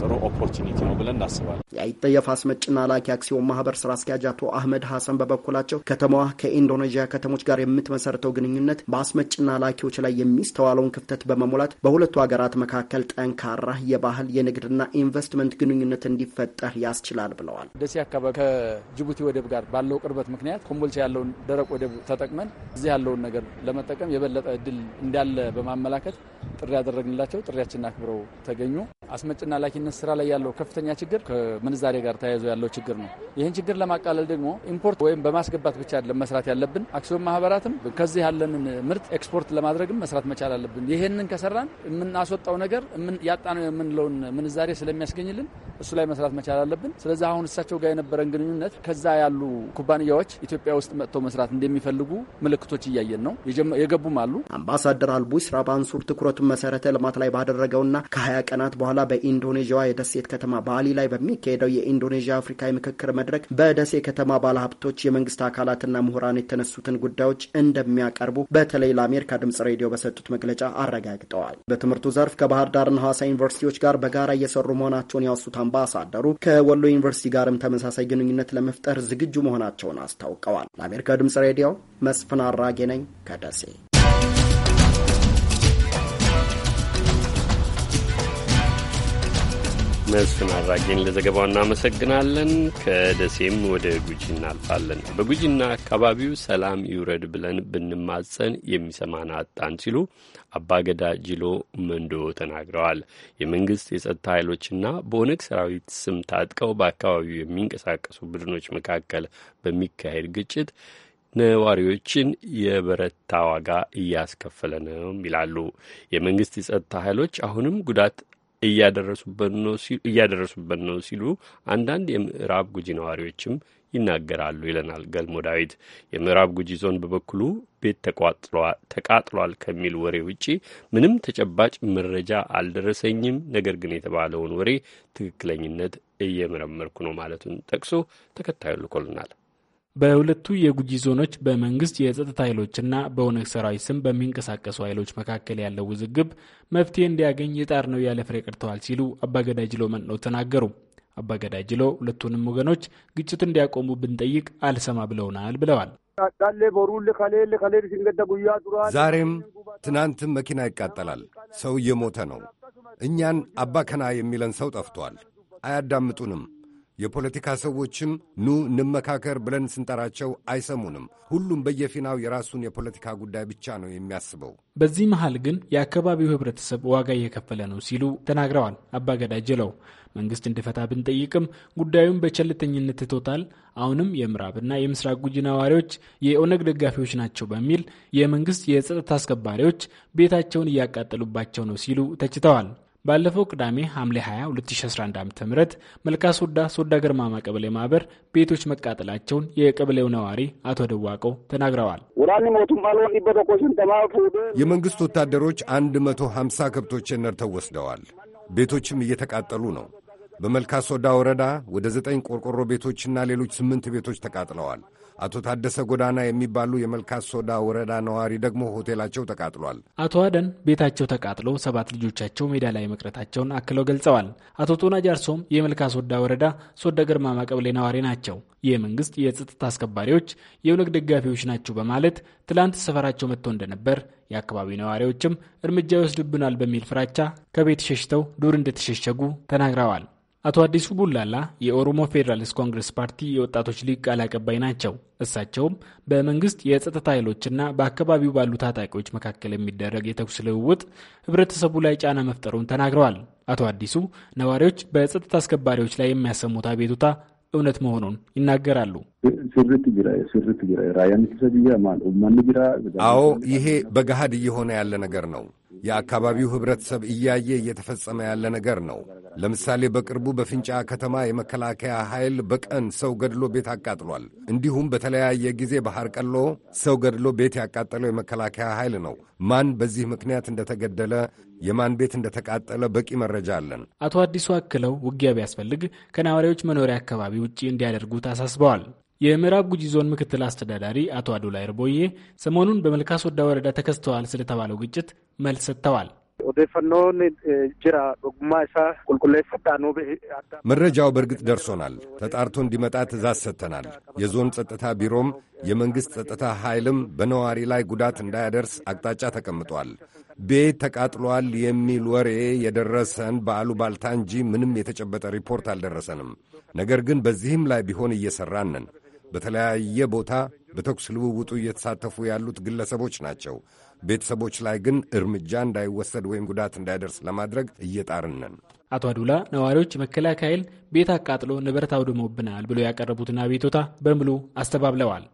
ጥሩ ኦፖርቹኒቲ ነው ብለን እናስባለን። የአይጠየፍ አስመጭና ላኪ አክሲዮን ማህበር ስራ አስኪያጅ አቶ አህመድ ሀሰን በበኩላቸው ከተማዋ ከኢንዶኔዥያ ከተሞች ጋር የምትመሰርተው ግንኙነት በአስመጭና ላኪዎች ላይ የሚስተዋለውን ክፍተት በመሙላት በሁለቱ ሀገራት መካከል ጠንካራ የባህል የንግድና ኢንቨስትመንት ግንኙነት እንዲፈጠር ያስችላል ብለዋል። ደሴ አካባቢ ከጅቡቲ ወደብ ጋር ባለው ቅርበት ምክንያት ኮምቦልቻ ያለውን ደረቅ ወደብ ተጠቅመን እዚህ ያለውን ነገር ለመጠቀም የበለጠ እድል እንዳለ በማመላከት ጥሪ ያደረግንላቸው ጥሪያችንን አክብረው ተገኙ። አስመጭና ላ የላኪነት ስራ ላይ ያለው ከፍተኛ ችግር ከምንዛሬ ጋር ተያይዞ ያለው ችግር ነው። ይህን ችግር ለማቃለል ደግሞ ኢምፖርት ወይም በማስገባት ብቻ አይደለም መስራት ያለብን። አክሲዮን ማህበራትም ከዚህ ያለንን ምርት ኤክስፖርት ለማድረግም መስራት መቻል አለብን። ይህንን ከሰራን የምናስወጣው ነገር ያጣነው የምንለውን ምንዛሬ ስለሚያስገኝልን እሱ ላይ መስራት መቻል አለብን። ስለዚህ አሁን እሳቸው ጋር የነበረን ግንኙነት ከዛ ያሉ ኩባንያዎች ኢትዮጵያ ውስጥ መጥተው መስራት እንደሚፈልጉ ምልክቶች እያየን ነው። የገቡም አሉ። አምባሳደር አልቡስራ ባንሱር ትኩረቱን መሰረተ ልማት ላይ ባደረገውና ከ20 ቀናት በኋላ በኢንዶኔ በኢንዶኔዥያዋ የደሴት ከተማ ባሊ ላይ በሚካሄደው የኢንዶኔዥያ አፍሪካ የምክክር መድረክ በደሴ ከተማ ባለሀብቶች፣ የመንግስት አካላትና ምሁራን የተነሱትን ጉዳዮች እንደሚያቀርቡ በተለይ ለአሜሪካ ድምጽ ሬዲዮ በሰጡት መግለጫ አረጋግጠዋል። በትምህርቱ ዘርፍ ከባህር ዳርና ሐዋሳ ዩኒቨርሲቲዎች ጋር በጋራ እየሰሩ መሆናቸውን ያወሱት አምባሳደሩ ከወሎ ዩኒቨርሲቲ ጋርም ተመሳሳይ ግንኙነት ለመፍጠር ዝግጁ መሆናቸውን አስታውቀዋል። ለአሜሪካ ድምጽ ሬዲዮ መስፍን አራጌ ነኝ ከደሴ። መስፍን አራጌን ለዘገባው እናመሰግናለን። ከደሴም ወደ ጉጂ እናልፋለን። በጉጂና አካባቢው ሰላም ይውረድ ብለን ብንማጸን የሚሰማን አጣን ሲሉ አባገዳ ጅሎ መንዶ ተናግረዋል። የመንግስት የጸጥታ ኃይሎችና በኦነግ ሰራዊት ስም ታጥቀው በአካባቢው የሚንቀሳቀሱ ቡድኖች መካከል በሚካሄድ ግጭት ነዋሪዎችን የበረታ ዋጋ እያስከፈለ ነው ይላሉ። የመንግስት የጸጥታ ኃይሎች አሁንም ጉዳት እያደረሱበት ነው ሲሉ አንዳንድ የምዕራብ ጉጂ ነዋሪዎችም ይናገራሉ ይለናል ገልሞ ዳዊት። የምዕራብ ጉጂ ዞን በበኩሉ ቤት ተቃጥሏል ከሚል ወሬ ውጪ ምንም ተጨባጭ መረጃ አልደረሰኝም፣ ነገር ግን የተባለውን ወሬ ትክክለኝነት እየመረመርኩ ነው ማለቱን ጠቅሶ ተከታዩ ልኮልናል። በሁለቱ የጉጂ ዞኖች በመንግስት የጸጥታ ኃይሎችና በኦነግ ሰራዊት ስም በሚንቀሳቀሱ ኃይሎች መካከል ያለው ውዝግብ መፍትሄ እንዲያገኝ ነው ያለ ፍሬ ቀርተዋል ሲሉ አባገዳጅሎ ጅሎ ተናገሩ። አባገዳጅሎ ጅሎ ሁለቱንም ወገኖች ግጭት እንዲያቆሙ ብንጠይቅ አልሰማ ብለውናል ብለዋል። ዛሬም ትናንትም መኪና ይቃጠላል፣ ሰው እየሞተ ነው። እኛን አባከና የሚለን ሰው ጠፍቷል፣ አያዳምጡንም የፖለቲካ ሰዎችም ኑ እንመካከር ብለን ስንጠራቸው አይሰሙንም። ሁሉም በየፊናው የራሱን የፖለቲካ ጉዳይ ብቻ ነው የሚያስበው። በዚህ መሃል ግን የአካባቢው ህብረተሰብ ዋጋ እየከፈለ ነው ሲሉ ተናግረዋል አባገዳ ለው መንግስት እንዲፈታ ብንጠይቅም ጉዳዩን በቸልተኝነት ትቶታል። አሁንም የምዕራብና የምስራቅ ጉጂ ነዋሪዎች የኦነግ ደጋፊዎች ናቸው በሚል የመንግስት የጸጥታ አስከባሪዎች ቤታቸውን እያቃጠሉባቸው ነው ሲሉ ተችተዋል። ባለፈው ቅዳሜ ሐምሌ 20 2011 ዓ ም መልካ ሶዳ ሶዳ ገርማማ ቀበሌ ማህበር ቤቶች መቃጠላቸውን የቀበሌው ነዋሪ አቶ ደዋቀው ተናግረዋል። የመንግሥት ወታደሮች 150 ከብቶች ነርተው ወስደዋል። ቤቶችም እየተቃጠሉ ነው። በመልካ ሶዳ ወረዳ ወደ ዘጠኝ ቆርቆሮ ቤቶችና ሌሎች ስምንት ቤቶች ተቃጥለዋል። አቶ ታደሰ ጎዳና የሚባሉ የመልካት ሶዳ ወረዳ ነዋሪ ደግሞ ሆቴላቸው ተቃጥሏል። አቶ አደን ቤታቸው ተቃጥሎ ሰባት ልጆቻቸው ሜዳ ላይ መቅረታቸውን አክለው ገልጸዋል። አቶ ጡና ጃርሶም የመልካት ሶዳ ወረዳ ሶዳ ገርማማ ቀብሌ ነዋሪ ናቸው። የመንግስት የጸጥታ አስከባሪዎች የኦነግ ደጋፊዎች ናቸው በማለት ትላንት ሰፈራቸው መጥቶ እንደነበር የአካባቢው ነዋሪዎችም እርምጃ ይወስድብናል በሚል ፍራቻ ከቤት ሸሽተው ዱር እንደተሸሸጉ ተናግረዋል። አቶ አዲሱ ቡላላ የኦሮሞ ፌዴራሊስት ኮንግረስ ፓርቲ የወጣቶች ሊግ ቃል አቀባይ ናቸው። እሳቸውም በመንግስት የጸጥታ ኃይሎችና በአካባቢው ባሉ ታጣቂዎች መካከል የሚደረግ የተኩስ ልውውጥ ህብረተሰቡ ላይ ጫና መፍጠሩን ተናግረዋል። አቶ አዲሱ ነዋሪዎች በጸጥታ አስከባሪዎች ላይ የሚያሰሙት አቤቱታ እውነት መሆኑን ይናገራሉ። አዎ ይሄ በገሃድ እየሆነ ያለ ነገር ነው። የአካባቢው ኅብረተሰብ እያየ እየተፈጸመ ያለ ነገር ነው። ለምሳሌ በቅርቡ በፍንጫ ከተማ የመከላከያ ኃይል በቀን ሰው ገድሎ ቤት አቃጥሏል። እንዲሁም በተለያየ ጊዜ ባህር ቀሎ ሰው ገድሎ ቤት ያቃጠለው የመከላከያ ኃይል ነው። ማን በዚህ ምክንያት እንደተገደለ የማን ቤት እንደተቃጠለ በቂ መረጃ አለን። አቶ አዲሱ አክለው ውጊያ ቢያስፈልግ ከነዋሪዎች መኖሪያ አካባቢ ውጪ እንዲያደርጉት አሳስበዋል። የምዕራብ ጉጂ ዞን ምክትል አስተዳዳሪ አቶ አዶላ ርቦዬ ሰሞኑን በመልካስ ወዳ ወረዳ ተከስተዋል ስለተባለው ግጭት መልስ ሰጥተዋል። መረጃው በእርግጥ ደርሶናል። ተጣርቶ እንዲመጣ ትእዛዝ ሰጥተናል። የዞን ጸጥታ ቢሮም የመንግሥት ጸጥታ ኃይልም በነዋሪ ላይ ጉዳት እንዳያደርስ አቅጣጫ ተቀምጧል። ቤት ተቃጥሏል የሚል ወሬ የደረሰን በአሉባልታ እንጂ ምንም የተጨበጠ ሪፖርት አልደረሰንም። ነገር ግን በዚህም ላይ ቢሆን እየሠራን ነን። በተለያየ ቦታ በተኩስ ልውውጡ እየተሳተፉ ያሉት ግለሰቦች ናቸው። ቤተሰቦች ላይ ግን እርምጃ እንዳይወሰድ ወይም ጉዳት እንዳይደርስ ለማድረግ እየጣርን አቶ አዱላ ነዋሪዎች የመከላከያ ኃይል ቤት አቃጥሎ ንብረት አውድሞብናል ብሎ ያቀረቡትን አቤቱታ በሙሉ አስተባብለዋል።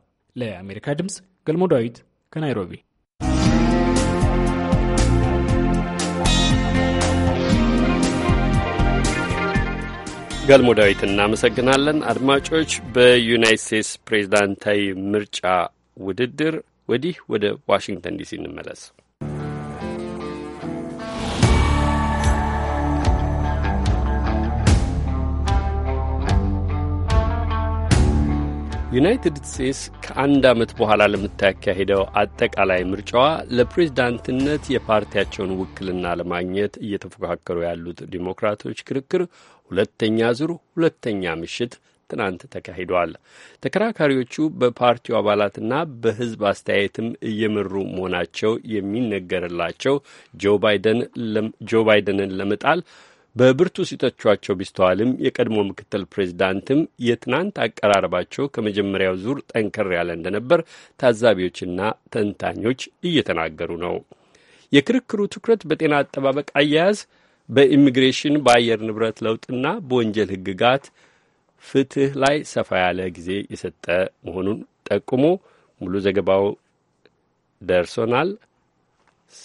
ለአሜሪካ ድምፅ ገልሞ ዳዊት ከናይሮቢ ገልሞ ዳዊት እናመሰግናለን። አድማጮች በዩናይት ስቴትስ ፕሬዝዳንታዊ ምርጫ ውድድር ወዲህ ወደ ዋሽንግተን ዲሲ እንመለስ። ዩናይትድ ስቴትስ ከአንድ ዓመት በኋላ ለምታካሄደው አጠቃላይ ምርጫዋ ለፕሬዝዳንትነት የፓርቲያቸውን ውክልና ለማግኘት እየተፎካከሩ ያሉት ዲሞክራቶች ክርክር ሁለተኛ ዙር ሁለተኛ ምሽት ትናንት ተካሂዷል። ተከራካሪዎቹ በፓርቲው አባላትና በሕዝብ አስተያየትም እየመሩ መሆናቸው የሚነገርላቸው ጆ ባይደንን ለመጣል በብርቱ ሲተቿቸው ቢስተዋልም የቀድሞ ምክትል ፕሬዚዳንትም የትናንት አቀራረባቸው ከመጀመሪያው ዙር ጠንከር ያለ እንደነበር ታዛቢዎችና ተንታኞች እየተናገሩ ነው። የክርክሩ ትኩረት በጤና አጠባበቅ አያያዝ፣ በኢሚግሬሽን፣ በአየር ንብረት ለውጥና በወንጀል ሕግጋት ፍትህ ላይ ሰፋ ያለ ጊዜ የሰጠ መሆኑን ጠቁሞ ሙሉ ዘገባው ደርሶናል።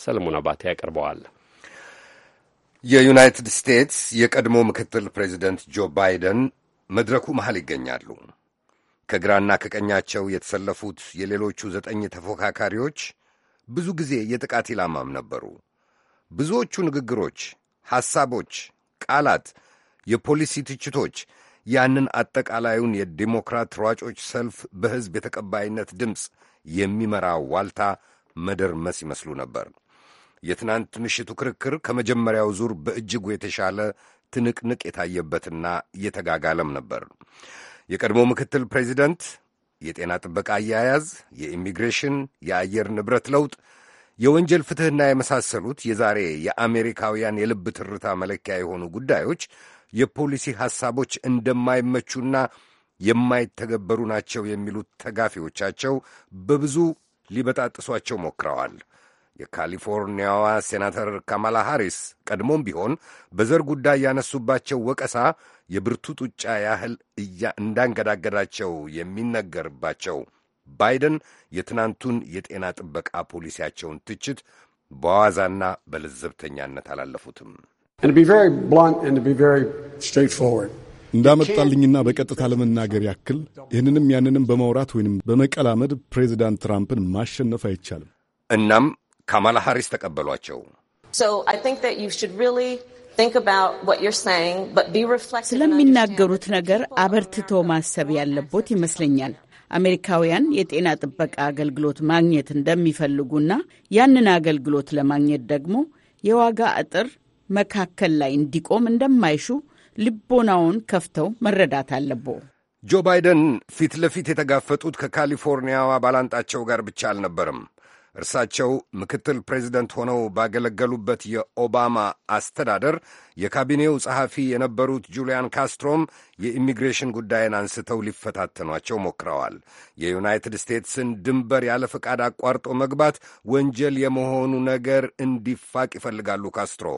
ሰለሞን አባቴ ያቀርበዋል። የዩናይትድ ስቴትስ የቀድሞ ምክትል ፕሬዚደንት ጆ ባይደን መድረኩ መሃል ይገኛሉ። ከግራና ከቀኛቸው የተሰለፉት የሌሎቹ ዘጠኝ ተፎካካሪዎች ብዙ ጊዜ የጥቃት ኢላማም ነበሩ። ብዙዎቹ ንግግሮች፣ ሐሳቦች፣ ቃላት፣ የፖሊሲ ትችቶች ያንን አጠቃላዩን የዲሞክራት ሯጮች ሰልፍ በሕዝብ የተቀባይነት ድምፅ የሚመራ ዋልታ መደርመስ ይመስሉ ነበር። የትናንት ምሽቱ ክርክር ከመጀመሪያው ዙር በእጅጉ የተሻለ ትንቅንቅ የታየበትና የተጋጋለም ነበር። የቀድሞ ምክትል ፕሬዚደንት የጤና ጥበቃ አያያዝ፣ የኢሚግሬሽን፣ የአየር ንብረት ለውጥ፣ የወንጀል ፍትሕና የመሳሰሉት የዛሬ የአሜሪካውያን የልብ ትርታ መለኪያ የሆኑ ጉዳዮች የፖሊሲ ሐሳቦች እንደማይመቹና የማይተገበሩ ናቸው የሚሉት ተጋፊዎቻቸው በብዙ ሊበጣጥሷቸው ሞክረዋል። የካሊፎርኒያዋ ሴናተር ካማላ ሃሪስ ቀድሞም ቢሆን በዘር ጉዳይ ያነሱባቸው ወቀሳ የብርቱ ጡጫ ያህል እንዳንገዳገዳቸው የሚነገርባቸው ባይደን የትናንቱን የጤና ጥበቃ ፖሊሲያቸውን ትችት በዋዛና በልዘብተኛነት አላለፉትም። እንዳመጣልኝና በቀጥታ ለመናገር ያክል ይህንንም ያንንም በማውራት ወይንም በመቀላመድ ፕሬዚዳንት ትራምፕን ማሸነፍ አይቻልም። እናም ካማላ ሃሪስ ተቀበሏቸው። ስለሚናገሩት ነገር አበርትቶ ማሰብ ያለቦት ይመስለኛል። አሜሪካውያን የጤና ጥበቃ አገልግሎት ማግኘት እንደሚፈልጉና ያንን አገልግሎት ለማግኘት ደግሞ የዋጋ አጥር መካከል ላይ እንዲቆም እንደማይሹ ልቦናውን ከፍተው መረዳት አለቦ። ጆ ባይደን ፊት ለፊት የተጋፈጡት ከካሊፎርኒያዋ ባላንጣቸው ጋር ብቻ አልነበርም። እርሳቸው ምክትል ፕሬዚደንት ሆነው ባገለገሉበት የኦባማ አስተዳደር የካቢኔው ጸሐፊ የነበሩት ጁሊያን ካስትሮም የኢሚግሬሽን ጉዳይን አንስተው ሊፈታተኗቸው ሞክረዋል። የዩናይትድ ስቴትስን ድንበር ያለ ፈቃድ አቋርጦ መግባት ወንጀል የመሆኑ ነገር እንዲፋቅ ይፈልጋሉ ካስትሮ።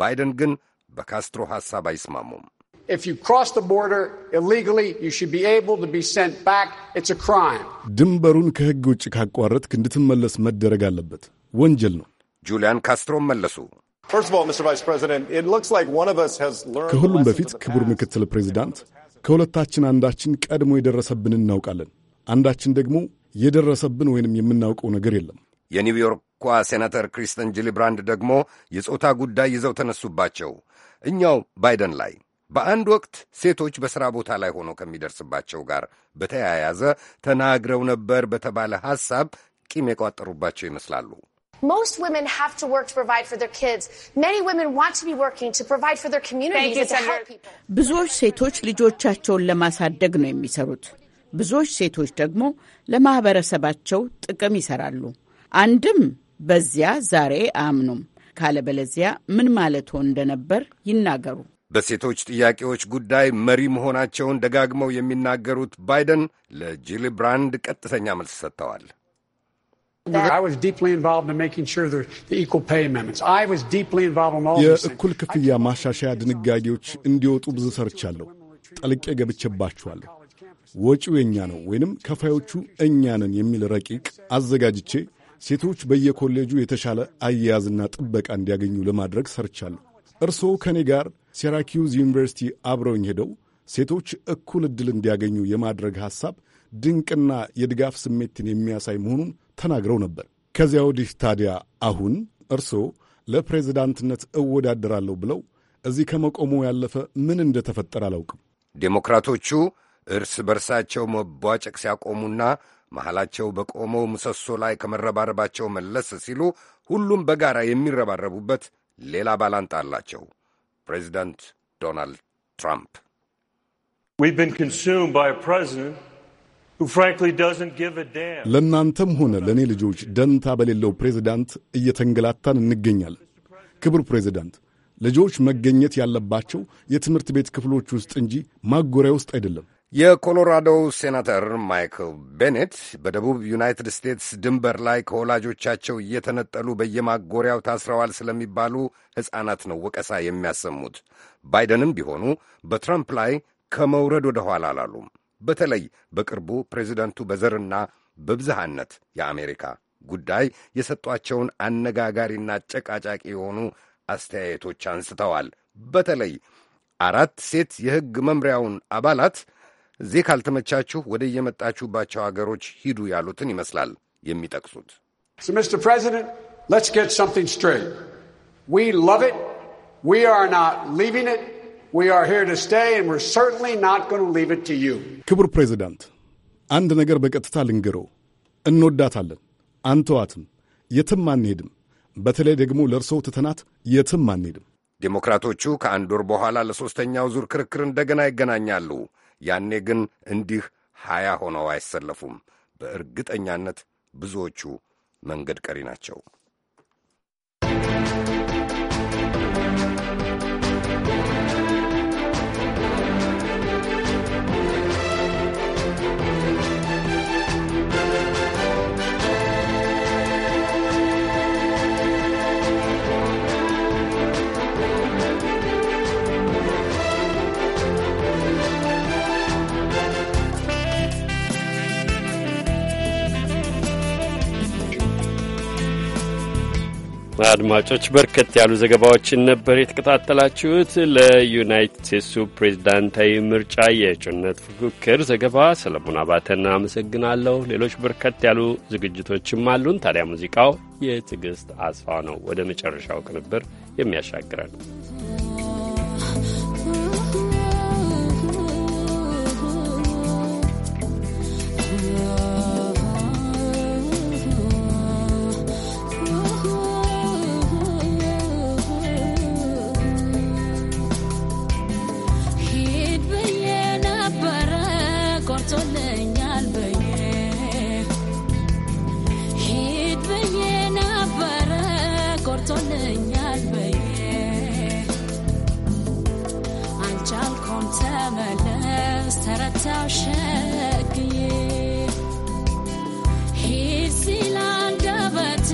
ባይደን ግን በካስትሮ ሐሳብ አይስማሙም። ድንበሩን ከሕግ ውጭ ካቋረጥክ እንድትመለስ መደረግ አለበት። ወንጀል ነው። ጁሊያን ካስትሮም መለሱ። ከሁሉም በፊት ክቡር ምክትል ፕሬዚዳንት፣ ከሁለታችን አንዳችን ቀድሞ የደረሰብን እናውቃለን። አንዳችን ደግሞ የደረሰብን ወይንም የምናውቀው ነገር የለም። የኒውዮርኳ ሴናተር ክሪስተን ጂሊብራንድ ደግሞ የጾታ ጉዳይ ይዘው ተነሱባቸው እኛው ባይደን ላይ በአንድ ወቅት ሴቶች በሥራ ቦታ ላይ ሆኖ ከሚደርስባቸው ጋር በተያያዘ ተናግረው ነበር በተባለ ሐሳብ ቂም የቋጠሩባቸው ይመስላሉ። Most women have to work to provide for their kids. Many women want to be working to provide for their communities and to help people. ብዙዎች ሴቶች ልጆቻቸውን ለማሳደግ ነው የሚሰሩት። ብዙዎች ሴቶች ደግሞ ለማህበረሰባቸው ጥቅም ይሰራሉ። አንድም በዚያ ዛሬ አያምኑም፣ ካለበለዚያ ምን ማለት ሆን እንደነበር ይናገሩ። በሴቶች ጥያቄዎች ጉዳይ መሪ መሆናቸውን ደጋግመው የሚናገሩት ባይደን ለጂል ብራንድ ቀጥተኛ መልስ ሰጥተዋል። የእኩል ክፍያ ማሻሻያ ድንጋጌዎች እንዲወጡ ብዙ ሰርቻለሁ። ጠልቄ ገብቼባችኋለሁ። ወጪው የእኛ ነው ወይንም ከፋዮቹ እኛ ነን የሚል ረቂቅ አዘጋጅቼ ሴቶች በየኮሌጁ የተሻለ አያያዝና ጥበቃ እንዲያገኙ ለማድረግ ሰርቻለሁ። እርስዎ ከእኔ ጋር ሴራኪውዝ ዩኒቨርሲቲ አብረውኝ ሄደው ሴቶች እኩል ዕድል እንዲያገኙ የማድረግ ሐሳብ ድንቅና የድጋፍ ስሜትን የሚያሳይ መሆኑን ተናግረው ነበር። ከዚያ ወዲህ ታዲያ አሁን እርስዎ ለፕሬዚዳንትነት እወዳደራለሁ ብለው እዚህ ከመቆሙ ያለፈ ምን እንደተፈጠረ አላውቅም። ዴሞክራቶቹ እርስ በርሳቸው መቧጨቅ ሲያቆሙና መሐላቸው በቆመው ምሰሶ ላይ ከመረባረባቸው መለስ ሲሉ ሁሉም በጋራ የሚረባረቡበት ሌላ ባላንጣ አላቸው፣ ፕሬዚዳንት ዶናልድ ትራምፕ። ለእናንተም ሆነ ለእኔ ልጆች ደንታ በሌለው ፕሬዚዳንት እየተንገላታን እንገኛለን። ክቡር ፕሬዚዳንት፣ ልጆች መገኘት ያለባቸው የትምህርት ቤት ክፍሎች ውስጥ እንጂ ማጎሪያ ውስጥ አይደለም። የኮሎራዶው ሴናተር ማይክል ቤኔት በደቡብ ዩናይትድ ስቴትስ ድንበር ላይ ከወላጆቻቸው እየተነጠሉ በየማጎሪያው ታስረዋል ስለሚባሉ ሕፃናት ነው ወቀሳ የሚያሰሙት። ባይደንም ቢሆኑ በትራምፕ ላይ ከመውረድ ወደ ኋላ አላሉም። በተለይ በቅርቡ ፕሬዚደንቱ በዘርና በብዝሃነት የአሜሪካ ጉዳይ የሰጧቸውን አነጋጋሪና ጨቃጫቂ የሆኑ አስተያየቶች አንስተዋል። በተለይ አራት ሴት የሕግ መምሪያውን አባላት እዚህ ካልተመቻችሁ ወደ የመጣችሁባቸው አገሮች ሂዱ ያሉትን ይመስላል የሚጠቅሱት። ክቡር ፕሬዚዳንት፣ አንድ ነገር በቀጥታ ልንገረው። እንወዳታለን፣ አንተዋትም፣ የትም አንሄድም። በተለይ ደግሞ ለእርስዎ ትተናት የትም አንሄድም። ዴሞክራቶቹ ከአንድ ወር በኋላ ለሦስተኛው ዙር ክርክር እንደገና ይገናኛሉ። ያኔ ግን እንዲህ ሀያ ሆነው አይሰለፉም። በእርግጠኛነት ብዙዎቹ መንገድ ቀሪ ናቸው። አድማጮች በርከት ያሉ ዘገባዎችን ነበር የተከታተላችሁት። ለዩናይትድ ስቴትሱ ፕሬዝዳንታዊ ምርጫ የእጩነት ፉክክር ዘገባ ሰለሞን አባተን አመሰግናለሁ። ሌሎች በርከት ያሉ ዝግጅቶችም አሉን። ታዲያ ሙዚቃው የትዕግስት አስፋ ነው ወደ መጨረሻው ቅንብር የሚያሻግረን *laughs* ሰርቶልኛል ብዬ ሂድ ብዬ ነበረ ቆርጦልኛል ብዬ አልቻልኩም ተመለስ ተረታው ሸግዬ ሂድ ሲል አንደበቴ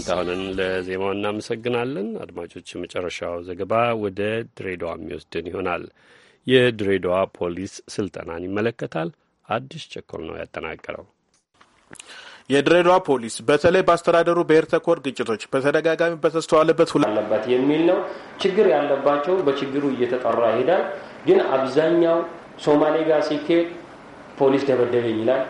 ፋንታሁንን ለዜማው እናመሰግናለን። አድማጮች፣ የመጨረሻው ዘገባ ወደ ድሬዳዋ የሚወስድን ይሆናል። የድሬዳዋ ፖሊስ ስልጠናን ይመለከታል። አዲስ ቸኮል ነው ያጠናቀረው። የድሬዳዋ ፖሊስ በተለይ በአስተዳደሩ ብሔር ተኮር ግጭቶች በተደጋጋሚ በተስተዋለበት አለበት የሚል ነው። ችግር ያለባቸው በችግሩ እየተጠራ ይሄዳል። ግን አብዛኛው ሶማሌ ጋር ሲሄድ ፖሊስ ደበደበኝ ይላል።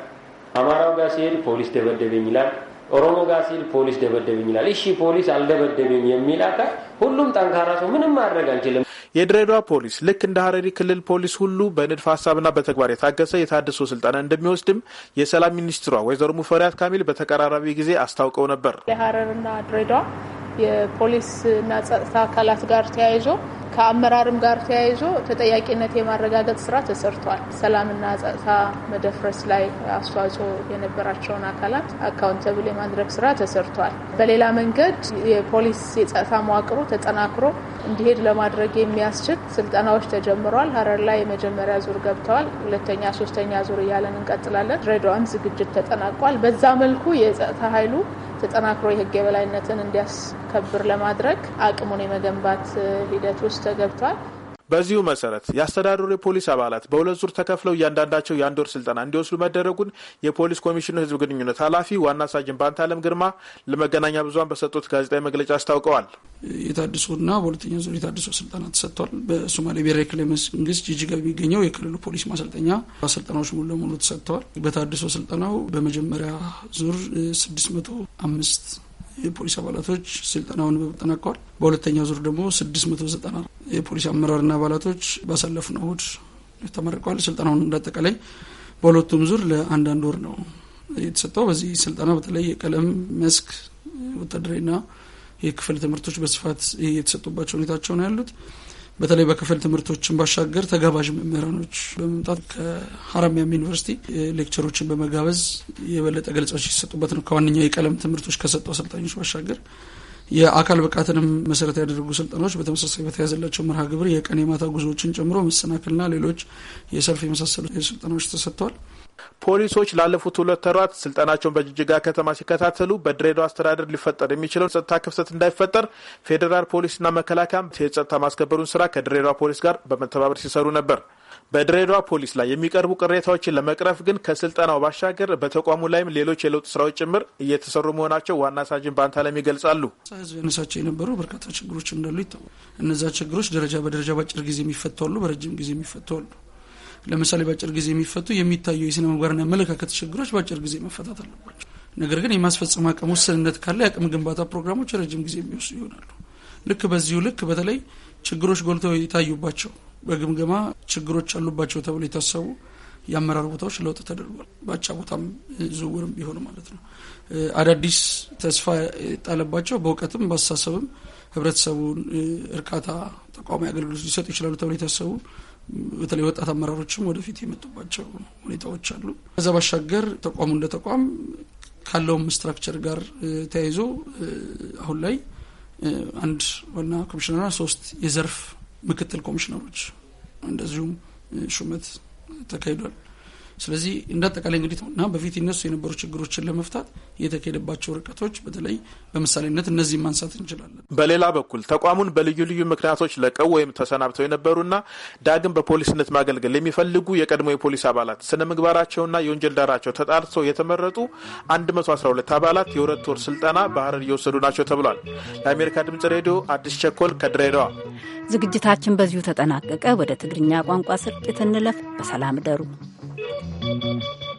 አማራው ጋር ሲሄድ ፖሊስ ደበደበኝ ይላል። ኦሮሞ ጋር ሲል ፖሊስ ደበደብኝ ይላል። እሺ ፖሊስ አልደበደብኝ የሚል አካል ሁሉም ጠንካራ ሰው ምንም ማድረግ አልችልም። የድሬዳዋ ፖሊስ ልክ እንደ ሀረሪ ክልል ፖሊስ ሁሉ በንድፈ ሀሳብና በተግባር የታገሰ የታድሶ ስልጠና እንደሚወስድም የሰላም ሚኒስትሯ ወይዘሮ ሙፈሪያት ካሚል በተቀራራቢ ጊዜ አስታውቀው ነበር። የሀረርና ድሬዳዋ የፖሊስና ጸጥታ አካላት ጋር ተያይዞ ከአመራርም ጋር ተያይዞ ተጠያቂነት የማረጋገጥ ስራ ተሰርቷል። ሰላምና ጸጥታ መደፍረስ ላይ አስተዋጽኦ የነበራቸውን አካላት አካውንተብል የማድረግ ስራ ተሰርቷል። በሌላ መንገድ የፖሊስ የጸጥታ መዋቅሩ ተጠናክሮ እንዲሄድ ለማድረግ የሚያስችል ስልጠናዎች ተጀምረዋል። ሀረር ላይ የመጀመሪያ ዙር ገብተዋል። ሁለተኛ፣ ሶስተኛ ዙር እያለን እንቀጥላለን። ድሬዳዋም ዝግጅት ተጠናቋል። በዛ መልኩ የጸጥታ ኃይሉ ተጠናክሮ የህግ የበላይነትን እንዲያስከብር ለማድረግ አቅሙን የመገንባት ሂደት ውስጥ ተገብቷል። በዚሁ መሰረት የአስተዳደሩ የፖሊስ አባላት በሁለት ዙር ተከፍለው እያንዳንዳቸው የአንድ ወር ስልጠና እንዲወስዱ መደረጉን የፖሊስ ኮሚሽኑ ህዝብ ግንኙነት ኃላፊ ዋና ሳጅን አለም ግርማ ለመገናኛ ብዙኃን በሰጡት ጋዜጣዊ መግለጫ አስታውቀዋል። የታድሶና በሁለተኛ ዙር የታድሶ ስልጠና ተሰጥቷል። በሶማሌ ብሔራዊ ክልል መንግስት ጂጂጋ የሚገኘው የክልሉ ፖሊስ ማሰልጠኛ ስልጠናዎች ሙሉ ለሙሉ ተሰጥተዋል። በታድሶ ስልጠናው በመጀመሪያ ዙር ስድስት መቶ አምስት የፖሊስ አባላቶች ስልጠናውን በጠናቀዋል። በሁለተኛው ዙር ደግሞ ዘጠና የፖሊስ አመራርና አባላቶች ባሳለፍነው እሁድ ተመርቀዋል። ስልጠናውን እንዳጠቃላይ በሁለቱም ዙር ለአንዳንድ ወር ነው የተሰጠው። በዚህ ስልጠና በተለይ የቀለም መስክ ወታደራዊና የክፍል ትምህርቶች በስፋት የተሰጡባቸው ሁኔታቸው ነው ያሉት። በተለይ በክፍል ትምህርቶችን ባሻገር ተጋባዥ መምህራኖች በመምጣት ከሀራሚያም ዩኒቨርሲቲ ሌክቸሮችን በመጋበዝ የበለጠ ገለጻዎች ሲሰጡበት ነው። ከዋነኛው የቀለም ትምህርቶች ከሰጡ አሰልጣኞች ባሻገር የአካል ብቃትንም መሰረት ያደረጉ ስልጠናዎች በተመሳሳይ በተያዘላቸው መርሃ ግብር የቀን የማታ ጉዞዎችን ጨምሮ መሰናክልና ሌሎች የሰልፍ የመሳሰሉ ስልጠናዎች ተሰጥተዋል። ፖሊሶች ላለፉት ሁለት ወራት ስልጠናቸውን በጅጅጋ ከተማ ሲከታተሉ በድሬዳዋ አስተዳደር ሊፈጠር የሚችለውን ጸጥታ ክፍተት እንዳይፈጠር ፌዴራል ፖሊስና መከላከያም የጸጥታ ማስከበሩን ስራ ከድሬዳዋ ፖሊስ ጋር በመተባበር ሲሰሩ ነበር። በድሬዳዋ ፖሊስ ላይ የሚቀርቡ ቅሬታዎችን ለመቅረፍ ግን ከስልጠናው ባሻገር በተቋሙ ላይም ሌሎች የለውጥ ስራዎች ጭምር እየተሰሩ መሆናቸው ዋና ሳጅን ላይም ይገልጻሉ። ህዝብ ያነሳቸው የነበሩ በርካታ ችግሮች እንዳሉ ይታወቃል። እነዛ ችግሮች ደረጃ በደረጃ በአጭር ጊዜ የሚፈታሉ፣ በረጅም ጊዜ የሚፈታሉ ለምሳሌ በአጭር ጊዜ የሚፈቱ የሚታዩ የስነ ምግባርና አመለካከት ችግሮች በአጭር ጊዜ መፈታት አለባቸው። ነገር ግን የማስፈጸም አቅም ውስንነት ካለ የአቅም ግንባታ ፕሮግራሞች ረጅም ጊዜ የሚወስዱ ይሆናሉ። ልክ በዚሁ ልክ በተለይ ችግሮች ጎልተው የታዩባቸው በግምገማ ችግሮች አሉባቸው ተብሎ የታሰቡ የአመራር ቦታዎች ለውጥ ተደርጓል። በአጫ ቦታም ዝውውርም ቢሆን ማለት ነው። አዳዲስ ተስፋ የጣለባቸው በእውቀትም በአስተሳሰብም ህብረተሰቡን እርካታ ተቋማዊ አገልግሎት ሊሰጡ ይችላሉ ተብሎ የታሰቡ በተለይ ወጣት አመራሮችም ወደፊት የመጡባቸው ሁኔታዎች አሉ። ከዛ ባሻገር ተቋሙ እንደ ተቋም ካለውም ስትራክቸር ጋር ተያይዞ አሁን ላይ አንድ ዋና ኮሚሽነርና ሶስት የዘርፍ ምክትል ኮሚሽነሮች እንደዚሁም ሹመት ተካሂዷል። ስለዚህ እንደ እንግዲህ እና በፊት ይነሱ የነበሩ ችግሮችን ለመፍታት የተካሄደባቸው ርቀቶች በተለይ በምሳሌነት እነዚህ ማንሳት እንችላለን። በሌላ በኩል ተቋሙን በልዩ ልዩ ምክንያቶች ለቀው ወይም ተሰናብተው የነበሩና ዳግም በፖሊስነት ማገልገል የሚፈልጉ የቀድሞ የፖሊስ አባላት ስነ ምግባራቸውና የወንጀል ዳራቸው ተጣርቶ የተመረጡ 112 አባላት የሁለት ወር ስልጠና በሀረር እየወሰዱ ናቸው ተብሏል። ለአሜሪካ ድምጽ ሬዲዮ አዲስ ቸኮል ከድሬዳዋ። ዝግጅታችን በዚሁ ተጠናቀቀ። ወደ ትግርኛ ቋንቋ ስርጭት እንለፍ። በሰላም ደሩ thank you